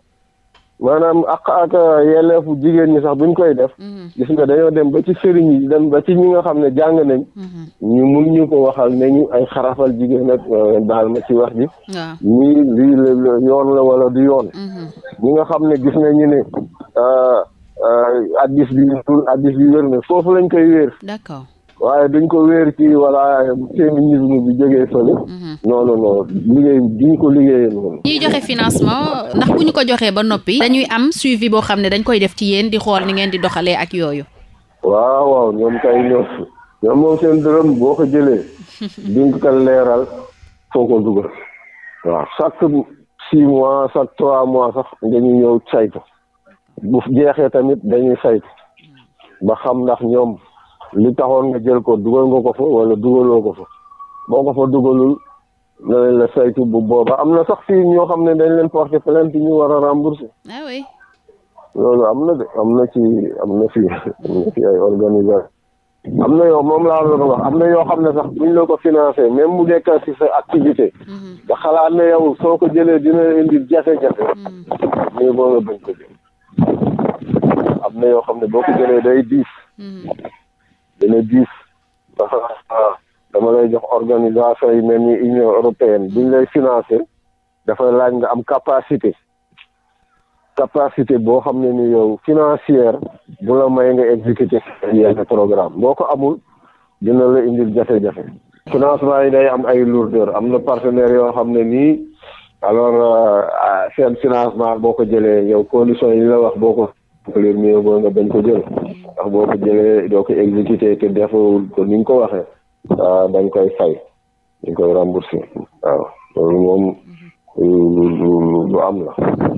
maanaam ak ak yelleefu jigéen ñi sax buñ koy def. Mhm. gis nga dañoo dem ba ci sëriñ yi dem ba ci ñi nga xam ne jàng nañ. ñu mun ñu ko waxal ne ñu ay xarafal jigéen ak daal euh, ma ci wax ji. ñii lii la yoon la wala du yoon. ñi nga xam ne gis nañu ne. Euh, Euh, addis bi addis bi wér na foofu lañ koy wér. d'accord. waaye duñ ko wéer ci wala féminisme bi jógee fële. Mhm. non non non liggéey duñ ko liggéeyee noonu. ñuy joxe financement ndax bu ñu ko joxee ba noppi. dañuy am suivi boo xam ne dañ koy def ci yéen di xool ni ngeen di doxalee ak yooyu. waaw waaw ñoom kay ñoom ñoom moom seen dërëm boo ko jëlee. duñ ko leeral foo ko dugal. waaw chaque six mois chaque trois mois sax dañuy ñëw sayto bu jeexee tamit dañuy saytu ba xam ndax ñoom li taxoon nga jël ko dugal nga ko fa wala dugaloo ko fa boo ko fa dugalul danañ la saytu bu booba am na sax fii ñoo xam ne dañ leen porté plainte ñu war a remboursé. ah oui. loolu am na de am na ci am na fii am na fii ay organisation am na yoo moom laa doon wax am na yoo xam ne sax buñ la ko financé même mu nekk ci sa activité mhm. nga xalaat ne yow soo ko jëlee dina indi jafe-jafe mais mhm. booba bañ ko jël am na yoo xam ne boo ko jëlee day diis hmm. dina diis parce dama lay jox organisation yi mel ni union lay financer dafay laaj nga am capacité capacité boo xam ne ni yow financière bu la may nga exécuter yenn programme boo ko amul dina la indil jafe-jafe financement am ay lourdeur am na partenaires yoo xam ne nii alors euh, ah, seen financement boo ko jëlee yow condition yi la wax boo ko plus mieux boo nga bañ ko jël ndax boo ko jëlee doo ko exécuté te deful ko ni nga ko waxee ah, dañ koy fay dañ koy remboursé waaw moom lu am la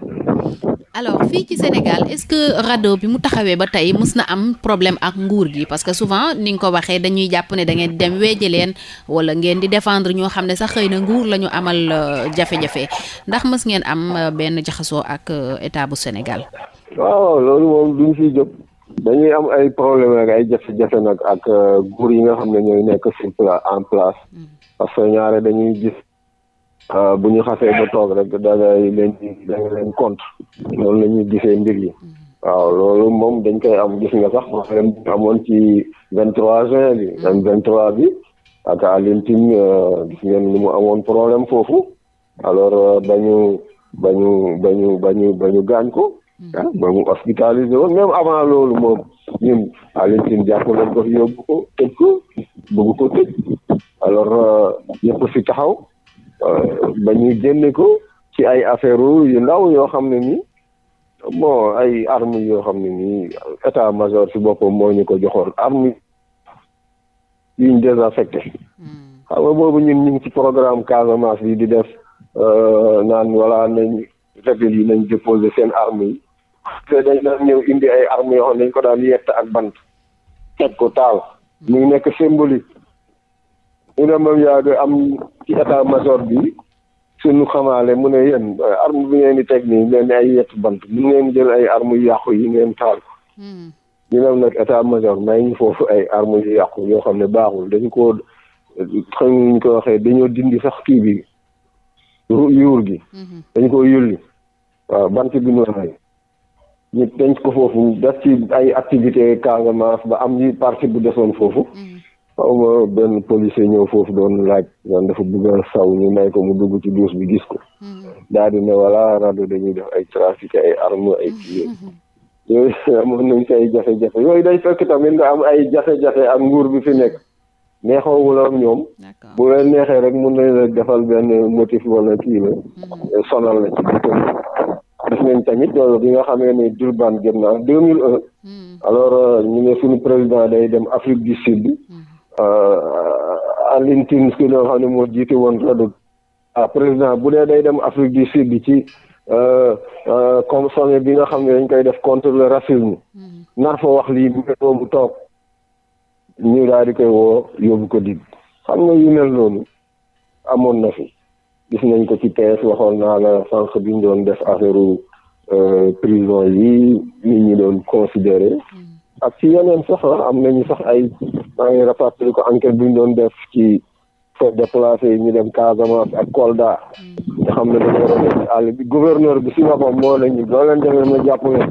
alors fii ci Sénégal est-ce que RADDHO bi mu taxawee ba tey mës na am problème ak nguur gi parce que souvent ni nga ko waxee dañuy jàpp ne da ngeen dem weeje leen wala ngeen di défendre ñoo xam ne sax xëy na nguur la ñu amal euh, jafe-jafe ndax mës ngeen am euh, benn jaxasoo ak euh, état bu Sénégal. waaw loolu moom duñ fiy jóg dañuy am ay problème ak ay jafe-jafe nag ak nguur yi nga xam ne ñooy nekk sur en place mm. parce que ñaare dañuy gis. Euh, bu ñu xafee ba toog rek da ngay leen da ngay leen compte loolu gisee mbir yi waaw loolu moom dañ koy am gis nga sax problème bi amoon ci vingt trois juin bi mm. même vingt trois bi ak alintim euh, gis ngeen ni mu amoon problème foofu alors euh, bañu bañu bañu bañu bañu gaañ ko mm. ah ba mu avant loolu moom ñun alintim jàpp nañ ko fi yóbbu ko tëj ko bëgg ko tëj alors yëpp fi taxaw ba ñu génne ko ci ay affaire yu ndaw yoo xam ne nii bon ay armes yoo xam ne nii état major si boppam moo ñu ko joxoon armes yuñ désaffecté hmm. xam nga boobu ñu ñu ngi ci programme Casamance bi di def euh, naan wala nañ rebelles yi nañ déposé seen armes yi te dañ daan ñëw indi ay armes yoo xam ne ko daan yett ak bant teg ko taal hmm. muy nekk symbolique ñu dem ma mu yàgg am ci état major bi suñu xamaale mu ne yéen euh, arme bi ngeen di teg nii ngeen di ay yett bant mun ngeen jël ay arme yu yàqu yi ngeen taal ko hmm. ñu dem nag état foofu ay arme yu yàqu yoo xam ne baaxul dañu ko xam ko waxee dañoo dindi sax kii bi yuur gi hmm. dañ ko yulli waaw bant bi ñu may ñu denc ko foofu def ci ay activité Casamance ba am yi parti bu desoon foofu hmm. xaw benn policier ñëw foofu doon laaj man dafa bëgg a saw ñu may ko mu dugg ci duus bi gis ko hmm. daal di ne voilà rajo dañuy def ay trafic ay armes ay hmm. kii yooyu amoon nañ si ay jafe-jafe yooyu day fekk tamit nga am ay jafe-jafe bi fi nekk neexoo wala ñoom bu leen neexee rek mun la defal benn motif wala kii la hmm. sonal la ci gis nañ tamit nga xamee ne Durban gën na deux mille un alors euh, ñu ne suñu président day dem Afrique du Sud Euh, Alioune Tine ki nga xam ne moo jiite woon RADDHO ah président bu dee day dem Afrique du Sud ci euh, euh, comme sommet bi nga xam ne dañ koy def contre le racisme mm-hmm. nar fa wax lii mu toog ñu daal di koy woo yóbbu ko dig xam nga yu mel noonu amoon na fi gis nañ ko ci PS waxoon naa la sànq bi ñu doon def affaire prison yi nit ñi doon considéré. Mm-hmm. ak ci yeneen sax ah, am na ñu sax ay maa ngi ko enquête bu ñu doon def ci fo déplacé yi ñu dem Casamance ak Kolda mm. nga xam ne àll bi gouverneur bi si boppam moo ne ñu ma jàpp leen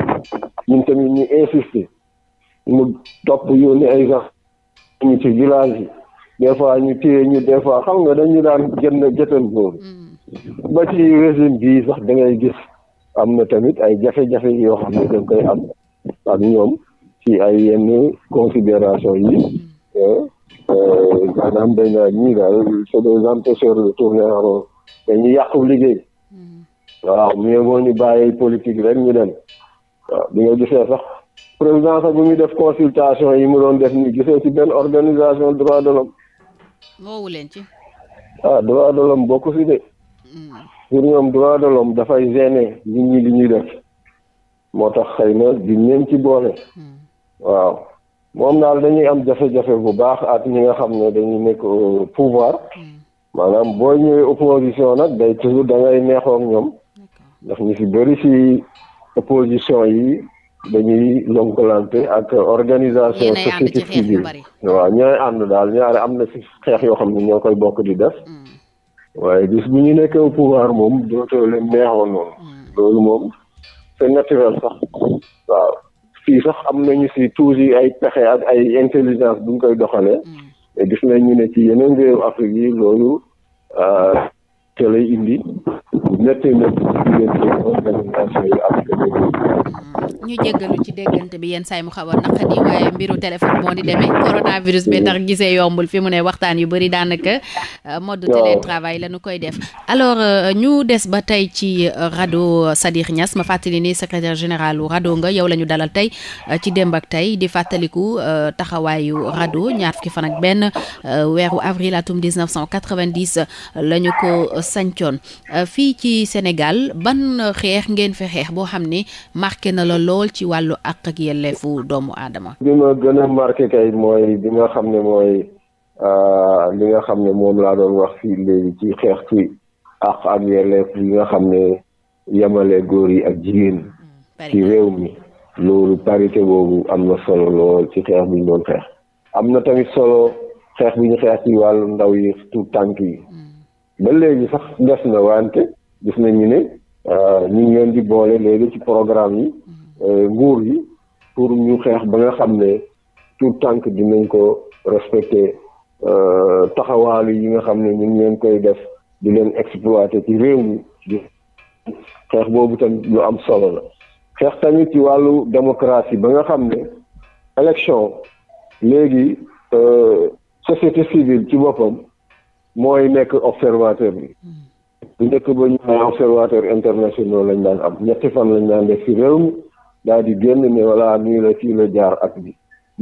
ñun tamit ñu insister mu topp yónni ay sax ñu ci village yi des fois ñu téye ñu des xam nga dañu daan jënd jëtal boobu mm. ba ci régime bii sax dangay ngay gis am na tamit ay jafe-jafe yoo xam ne dañ koy am ak ñoom ci ay yenn configuration yi mm-hmm. eh, eh, maanaam dañ naan ñii daal c'est des empêcheurs de tourner en rond yàqu liggéey mm-hmm. waaw mieux moo ñu bàyyi politique rek ñu dem waaw bi nga gisee sax président sax bu muy def consultation yi mu doon def ni gisee ci benn organisation droit de l'homme woowu leen ci ah droit de l'homme bokku ci de mm-hmm. pour ñoom droit de l'homme dafay gêner nit ñi li ñuy def moo tax xëy na di ñeen ci boole waaw moom daal dañuy am jafe-jafe bu baax ak ñi nga xam ne dañuy nekk pouvoir hmm. maanaam boo ñëwee opposition nag day toujours da ngay neexoo ak ñoom ndax ñu ci bëri ci opposition yi dañuy lonkalante ak organisation société civile waaw ñooy ànd daal ñaare am na ci xeex yoo xam ne ñoo koy bokk di def hmm. waaye bis bu ñu nekkee pouvoir moom dootoo leen neexoo noonu hmm. loolu moom c'est naturel sax waaw fii sax am nañu si toujours ay pexe ak ay intelligence bu ñu koy doxalee. Mm. gis nañu ne ci yeneen réew Afrique yi loolu. Euh, Mm, ñu jéggalu ci déggante bi yenn saay mu xaw a naqadi waaye mbiru téléphone moo di demee coronavirus bi tax gisee yombul fi mu ne waxtaan yu bëri daanaka euh, mode télétravail la koy def alors euh, ñu des ba tey ci euh, RADDHO Sadikh ñas ma fàttali ni secretaire général u RADDHO nga yow lañu dalal tey ci démb ak tey di fàttaliku taxawaayu RADDHO ñaar fukki fan ak benn weeru avril atum 1990 ko sancoon euh, fii ci senegal ban xeex ngeen fi xeex boo xam ne marqué na la lool ci wàllu àq ak yelleefu doomu aadama bi ma gën a marqué kay mooy bi nga xam ne mooy euh, li nga xam ne moom laa doon wax fii léegi ci xeex ci àq ak yelleef yi nga xam ne yemale góor yi ak jigéen mm, ci réew mi loolu parité boobu am na solo lool ci xeex bi ñu doon xeex am na tamit solo xeex bi xeex ci wàllu ndaw yi tout tànk yi ba léegi sax des na wante gis nañu ne euh, ñu ngi leen di boole léegi ci programme yi mm-hmm. euh, nguur yi pour ñu xeex ba nga xam ne tout tànk nañ ko respecté euh, taxawaalu yi nga xam ne ñu ngi leen koy def di leen exploité ci réew mi xeex boobu tamit lu am solo la xeex tamit ci wàllu démocratie ba nga xam ne élection léegi société civile ci boppam mooy nekk observateur bi bu mm. njëkk ba ñu ay observateur internationaux lañ daan am ñetti fan lañ daan def ci réew mi daal di génn ne voilà nii la fii jaar ak bi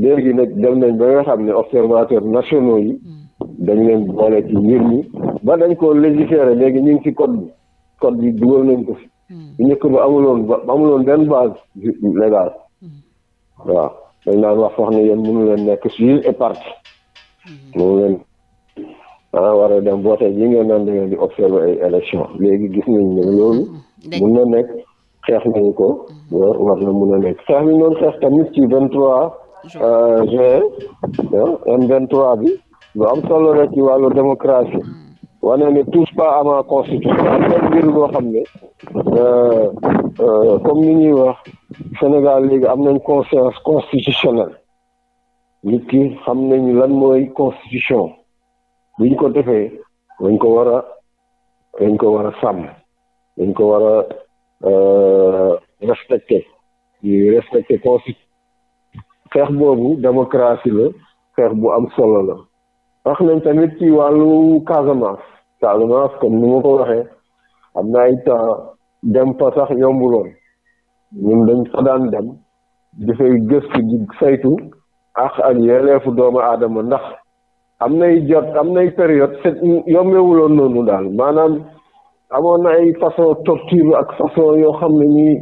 léegi nag dem nañ ba nga xam ne observateur nationaux yi mm. dañ leen boole ci mbir mi ba dañ ko légiférer léegi ñu ngi ci code bi code bi dugal nañ ko fi bu mm. njëkk ba amuloon ba amuloon benn base légale waaw dañ daan wax wax ne yéen mënu leen nekk suivi et partie mënu leen ah war a dem voté ji ngeen naan da di observé ay élection léegi gis nañ ne loolu mm-hmm. mun na nekk xeex nañu ko mm-hmm. war na mun a nekk xeex bi noonu xeex tamit ci vingt trois juin euh, m vingt trois bi lu am solo rek ci wàllu démocratie mm-hmm. wane ne touche pas à ma constitution am na mbir boo xam ne euh, euh, comme ni ñuy wax Sénégal léegi am nañ conscience constitutionnelle nit ki xam nañu lan mooy constitution biñ ko defee dañ ko war a dañ ko war a sàmm dañ ko war a euh, respecté yi respecté consi xeex boobu démocratie la xeex bu am solo la wax nañ tamit ci wàllu Casamance Casamance comme ni ma ko waxee am na ay dem fa sax yombuloon ñun dañ fa daan dem dafay gëstu ji saytu ak ak yelleefu doomu aadama ndax am na nay jot am nay période c'est yombewuloon noonu daal maanaam amoon na ay façon torture ak façon yoo xam ne nii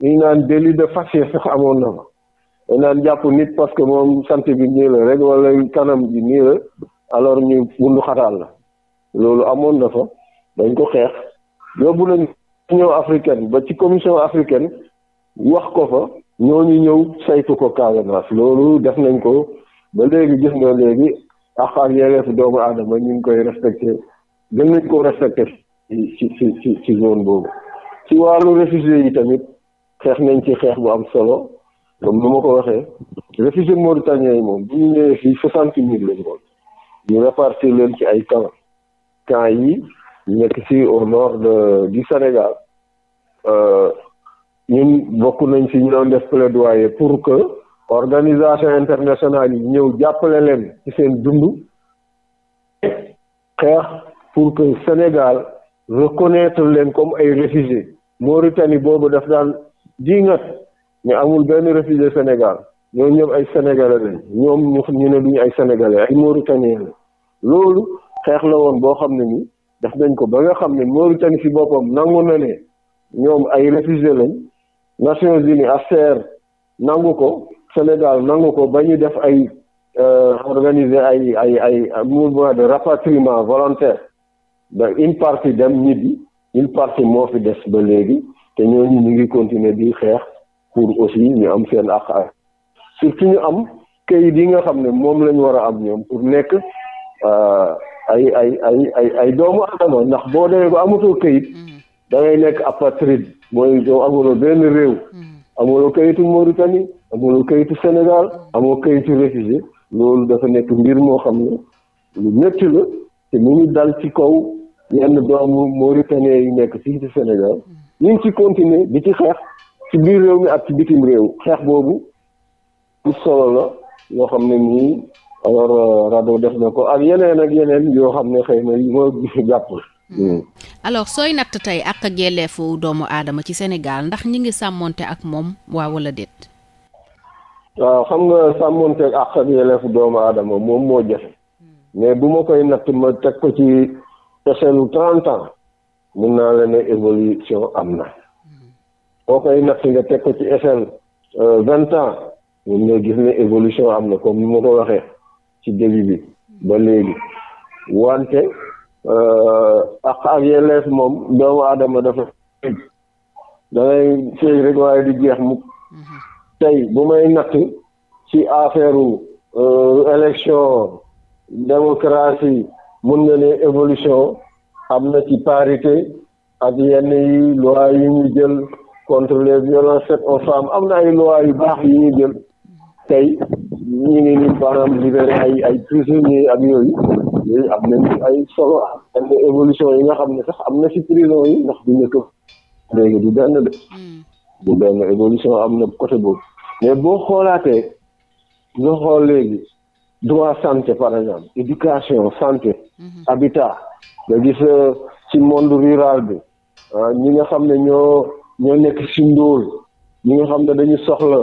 ñu naan délit de faciès sax amoon na fa dañ naan jàpp nit parce que moom sant bi nii rek wala kanam bi nii alors ñu bundu la loolu amoon na dañ ko xeex yóbbu nañ Union africaine ba ci commission africaine wax ko fa ñooñu ñëw saytu ko Casamance loolu def nañ ko ba léegi gis nga léegi ak ak doomu aadama ñu ngi koy respecté gën nañ koo respecté ci ci ci ci zone boobu ci waalu réfugié yi tamit xeex nañ ci xeex bu am solo comme nu ma ko waxee réfugié mauritanien yi moom bu ñu ñëwee fii soixante mille lañ woon ñu répartir leen ci ay camps camps yi nekk ci au nord de du Sénégal euh, ñun bokk nañ ci ñu doon def waaye pour que organisation internationale yi ñëw jàppale leen ci seen dund xeex pour que Sénégal reconnaître leen comme ay réfugiés Mauritanie boobu daf daan diingat mais amul benn réfugié Sénégal ñoom ñëpp ay sénégalais lañ ñoom ñu ne duñu ay sénégalais ay Mauritaniens la loolu xeex la woon boo xam ne ni def nañ ko ba nga xam ne Mauritanie ci boppam nangu na ne ñoom ay réfugié lañ Nations Unies ACR nangu ko Sénégal nangu ko ba ñu def ay euh, organiser ay ay ay mouvement de rapatriement volontaire da une partie dem ñibbi une partie moo fi des ba léegi te ñooñu ñu ngi continuer di xeex pour aussi ñu am seen ak ak surtout ñu am kayit yi nga xam ne moom la war a am ñoom pour nekk euh, ay ay ay ay ay doomu adama ndax boo demee ba amatoo kayit mm-hmm. da ngay nekk apatride mooy doo amuloo benn réew mm-hmm. amuloo kayitu Mauritanie amuloo kayitu Sénégal amoo kayitu réfugié loolu dafa nekk mbir moo xam ne lu métti la te mu ngi dal ci kaw yenn doomu Mauritanien yi nekk fii ci Sénégal mm. ñu ngi ci continuer bi ci xeex ci biir réew mi ak ci bitim réew xeex boobu lu solo la yoo xam ne nii alors euh, rajo def na ko ak yeneen ak yeneen yoo xam ne xëy ma yi moo gis jàpp. Mm. Mm. alors sooy natt tey ak ak yelleefu doomu aadama ci Sénégal ndax ñu ngi sàmmoonte ak moom waa wala déet. waaw xam nga sàmmonteeg ak ak yelleefu doomu aadama moom moo jafe mais bu ma koy natt ma teg ko ci échelle trente ans mun naa la ne évolution am na boo koy natt nga teg ko ci échelle euh, vingt ans mun nga gis ne évolution am na comme mu ma ko waxee ci début bi ba léegi wante ak euh, ak yelleef moom doomu aadama dafa da ngay feeñ waaye di jeex mu tey bu may naq ci affaire euh, élection démocratie mun na ne évolution am na ci parité ak yenn yi loi yu ñu jël contre les violences faites aux femmes am na ay loi yu baax yu ñu jël tey ñu ngi ni maanaam libéré ay ay prisonniers ak yooyu yooyu am nañu ay solo am na évolution yi nga xam ne sax am na ci prison yi ndax du nekk léegi du benn de hmm. bu benn évolution am na côté boobu mais boo xoolaatee nga xool léegi droit santé par exemple éducation santé mhm. habitat nga gis euh, ci monde rural bi ah, ñi nga xam ne ñoo ñoo nekk ci ndóol ñi nga xam ne dañu soxla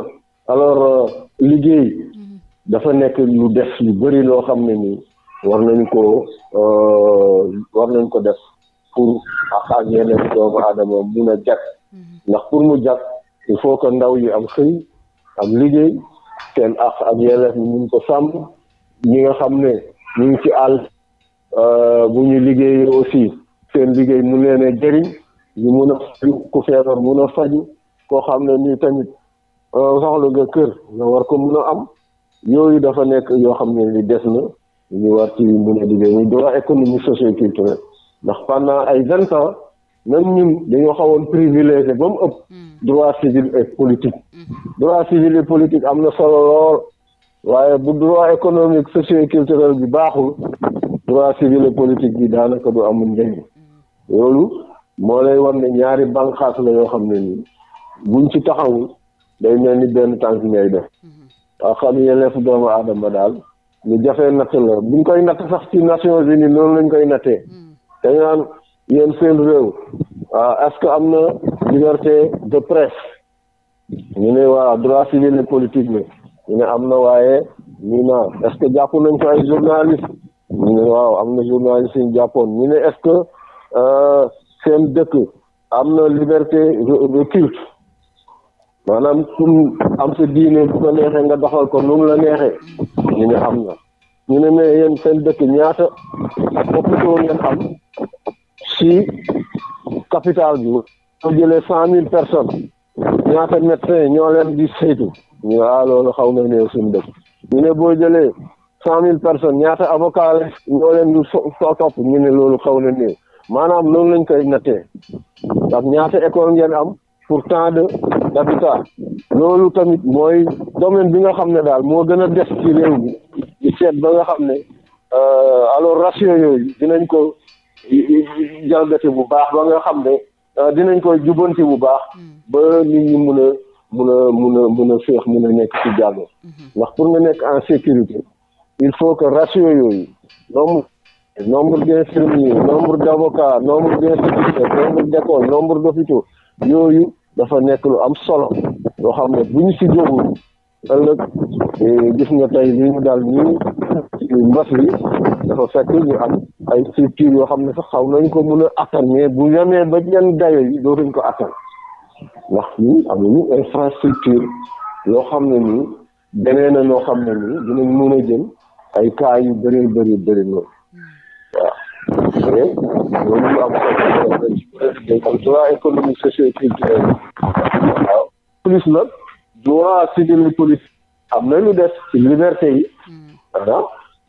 alors euh, liggéey mhm. dafa nekk lu def lu bëri loo xam ne nii war nañu ko euh, war nañ ko def pour ak ak yeneen doomu aadama mun a jag ndax pour mu jag il faut que ndaw yi am xëy am liggéey seen àq ak yelleef ñu mun ko sàmm ñi nga xam ne ñu ngi ci àll euh, bu ñu liggéeyee aussi seen liggéey mu leen a jëriñ ñu mun a ku feebar mun a faju koo xam ne nii tamit euh, soxla nga kër nga war ko mun a am yooyu dafa nekk yoo xam ne ni des na ñu war ci mun a liggéey ñu droit économie socio culturel ndax pendant ay vingt même ñun dañoo xawoon privilégié ba mu ëpp hmm. droit civil et politique hmm. droit civil et politique am na solo lool waaye bu droit économique socio culturel bi baaxul droit civil et politique bi daanaka du amul njëriñ hmm. loolu moo lay wan ne ñaari bànqaas la yoo xam ne nii buñ ci taxawul day mel ni benn tànk ngay def waaw xam yelleefu doomu aadama daal lu jafee natt la buñ koy natt sax ci Nations Unies noonu lañ koy nattee dañ naan yéen seen réew ah, est-ce que am na liberté de presse ñu ne waa droit civil et politique la am na waaye ñu naa est-ce que jàpp nañ ko ay journaliste ñu waaw am na journaliste yi ñu jàppoon ñu ne est-ce que euh, seen dëkk am na liberté de maanaam kum am sa diine bu ko nga doxal ko nu mu la neexe ñu ne am na ñu ne mais seen dëkk ñaata hôpitaux ngeen am ci capital bi. soo jëlee cent mille personnes ñaata médecin ñoo leen di saytu ñu ah loolu xaw na néew suñu dëkk ñu ne boo jëlee cent mille personnes ñaata avocat la ñoo leen di so topp ñu ne loolu xaw na néew maanaam loolu lañ koy nattee ndax ñaata école ngeen am pour temps de d'habitat loolu tamit mooy domaine bi nga xam ne daal moo gën a des ci réew mi di seet ba nga xam ne euh, alors ratio yooyu dinañ ko jalgati bu baax ba nga xam ne euh, dinañ ko jubanti bu baax mm. ba nit ñi mun a mun a mun a mun a féex mun a nekk ci jàmm mm-hmm. ndax pour nga nekk en sécurité il faut que ratio yooyu nombre nombre d'infirmiers nombre d'avocats nombre d'instituteurs nombre d'écoles nombre d'hôpitaux yooyu dafa nekk lu am solo yoo xam ne bu ñu si jógul ëllëg gis nga tey li ñu daal nii mbas bi dafa fekk ñu am ay structure yoo xam ne sax xaw nañ ko mun a attan mais bu ñamee ba yenn dayo yi dootuñ ko attan ndax ñun amuñu infrastructure xam ne nii beneen na noo xam ne nii dinañ a jël ay yu bëri bëri bëri noonu waaw mais loolu lu am na lu des ci liberté yi hmm.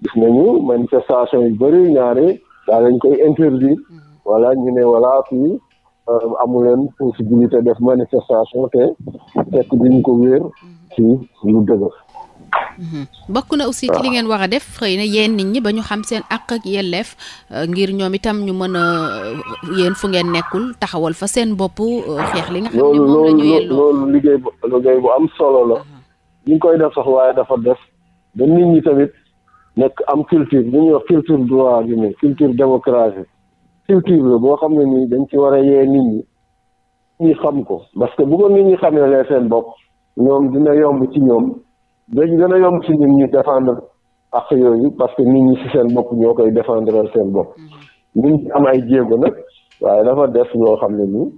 gis nañu manifestation yu bëri ñaare daa lañ koy interdire voilà ñu ne voilà fii euh, amu leen possibilité def manifestation te fekk duñ ko wéer ci lu dëgër. Mhm. bokk na aussi ci li ngeen wax a def xëy na yéen ñi ba ñu xam seen àq ak yelleef euh, ngir ñoom itam ñu mën a euh, yéen fu ngeen nekkul taxawal fa seen bopp xeex li nga xam ne loolu liggéey bu liggéey bu am solo la mhm. ñu koy def sax waaye dafa def ba nit ñi tamit nekk am culture li ñuy wax culture droit bi nii culture démocratie culture la boo xam ne nii dañ ci war a yee nit ñi ñi xam ko parce que bu ko nit ñi xamee lee seen bopp ñoom dina yomb ci ñoom dañ dina yomb ci ñun ñu défendre ak yooyu parce que nit ñi si seen bopp ñoo koy défendre seen bopp mm-hmm. ñun am ay jéego nag waaye dafa des loo xam ne nii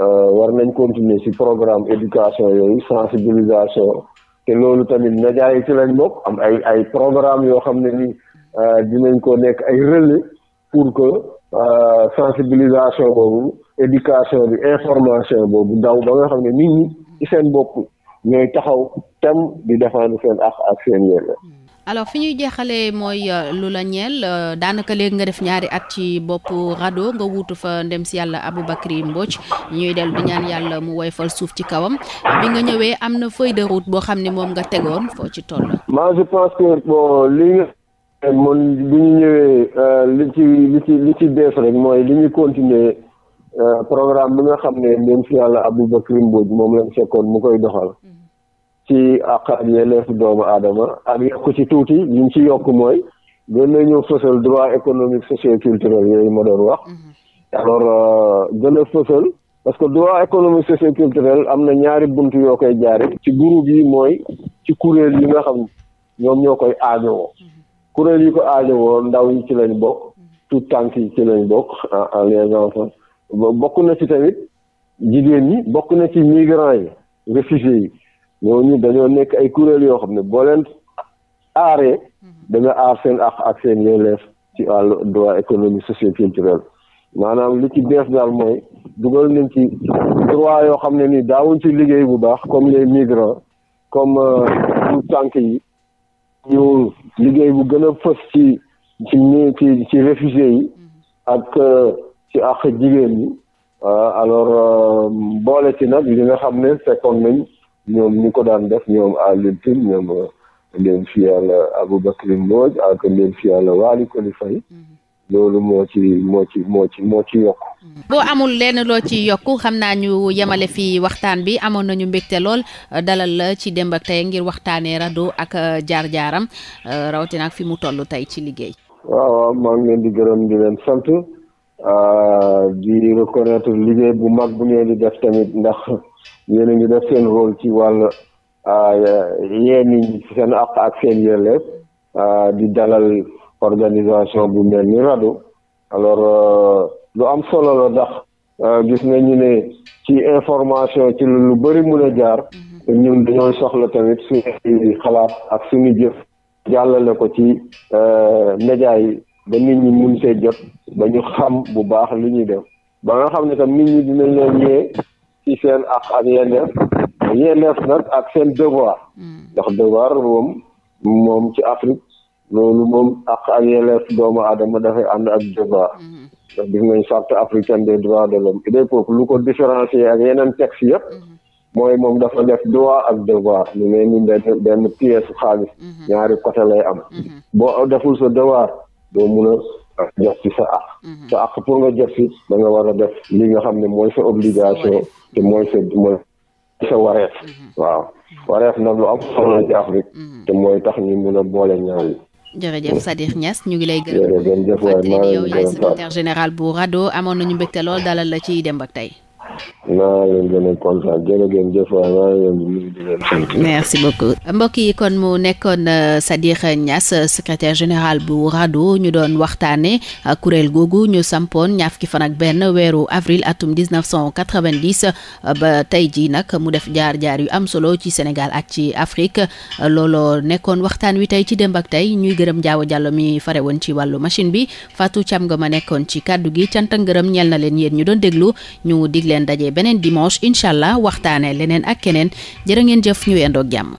euh, war nañ continuer ci programme éducation yooyu sensibilisation te loolu tamit médias yi ci lañ bokk am ay ay programme yoo xam ne ni euh, dinañ ko nekk ay relais pour que euh, sensibilisation boobu éducation bi information boobu ndaw ba nga xam ne nit ñi ci seen bopp ñooy taxaw tem di défendre seen ak ak seen yelle alors fi ñuy jeexalee mooy euh, lu la ñeel euh, daanaka léegi nga def ñaari at ci bopp RADDHO nga wuutu fa ndem si yàlla abu Aboubacry Mbodj ñuy dellu di ñaan yàlla mu woy woyfal suuf ci kawam bi nga ñëwee am na feuille de boo xam ne moom nga tegoon foo ci toll. ma je pense que bon li mon bi ñu ñëwee euh, li ci li ci li rek mooy li ñu continuer programme bi nga xam ne ndem si yàlla Aboubacry Mbodj moom lañ fekkoon mu koy doxal. ci àq ak yelleefu doomu aadama ak yokk ci tuuti yi ñu ci yokk mooy gën nañu fësal droit économique socioculturel yooyu ma doon wax mhm. alors euh, gën a fësal parce que droit économique socioculturel am na ñaari bunt yoo koy jaare ci groupe yi mooy ci kuréel yi nga xam ñoom ñoo koy aajowoo mhm. kuréel yi ko aajo aajowoo ndaw yi ci lañ bokk mhm. tout tànk yi ci lañ bokk ah, ah, bokk na ci tamit jigéen ñi bokk na ci migrants yi réfugiés yi ñoo ñooñu dañoo nekk ay kuréel yoo xam ne boo leen aaree mhm. danga aar seen àq ak seen yelleef ci wàllu droit économique socioculturel maanaam li ci bees daal mooy dugal nañ ci droit yoo xam ne ni daawuñ ci liggéey bu baax comme les migrants comme euh, tout tànk yi ñu liggéey bu gën a fës ci ci ci ci réfugié yi mhm. ak euh, ci àq jigéen ñi alors euh, boole ci nag li nga xam ne fekkoon nañ ñoom ñu ko daan def ñoom à l'ultime ñoom euh, ndéem fi yàlla Aboubacry Mbodj ak ndéem fi yàlla Waly Coly Faye mm-hmm. loolu moo ci moo ci moo ci moo ci yokk boo amul lenn loo ci yokk xam naa ñu yemale fii waxtaan bi amoon nañu mbégte lool euh, dalal la ci démb ak tey ngir waxtaanee Raddho ak euh, jaar-jaaram rawatina ak fi mu toll tey ci liggéey waaw waaw leen di gërëm di leen sant di reconnaître liggéey bu mag bu ngeen di def tamit ndax yéen a ngi def seen rôle ci wàll ah, yéen ñi seen àq ak seen yelleef ah, di dalal organisation bu mel ni RADDHO alors euh, lu am solo la ndax euh, gis nañu ne ci information ci lu bëri mun a jaar mm-hmm. ñun dañoo soxla tamit suñu xalaat ak suñu jëf jàllale ko ci euh, média yi ba nit ñi mun see jot ba ñu xam bu baax li ñuy def ba nga xam ne tam nit ñi dinañ leen ci seen ak ak yelleef yelleef nag ak seen devoir hmm. ndax devoir moom moom ci Afrique loolu moom ak ak yelleef doomu aadama dafay ànd ak devoir hmm. ndax gis nañ charte africaine des droits de l'homme et des peuples lu ko différencier ak yeneen texte yëpp hmm. mooy moom dafa def droit ak devoir ñu ne ni benn benn pièce xaalis ñaari côté lay am boo deful sa devoir doo mun jot sa àq mhm. sa àq pour nga jot ci da nga war a def li nga xam ne mooy sa obligation te mooy sa mooy sa wareef mhm. waaw wareef nag lu am solo la ci Afrique mhm. te mooy tax ñu mun a boole ñaar yi jërëjëf Sadikh Niass ñu ngi lay gërëm fàttali ni yow yaay secrétaire général bu RADDHO amoon nañu mbégte lool dalal la ciy dem ak Tay maa leen gën beaucoup mbokk yi kon mu nekkoon sa euh, Sadikh Niass euh, secretaire général bu RADDHO ñu doon waxtaanee euh, kuréel googu ñu sampoon ñaar fukki fan ak benn weeru avril atum 1990 ba tey jii nag mu def jaar-jaar yu am solo ci Sénégal ak ci Afrique looloo nekkoon waxtaan wi tey ci démb ak tey ñuy gërëm jaaw jàllo mi fare woon ci wàllu machine bi Fatou Thiam nga ma nekkoon ci kàddu gi cant ngërëm ñeel na leen yéen ñu doon déglu ñu digle dig leen dajee beneen dimanche incha allah waxtaane leneen ak keneen jërë ngeen jëf ñu yendoog jàmm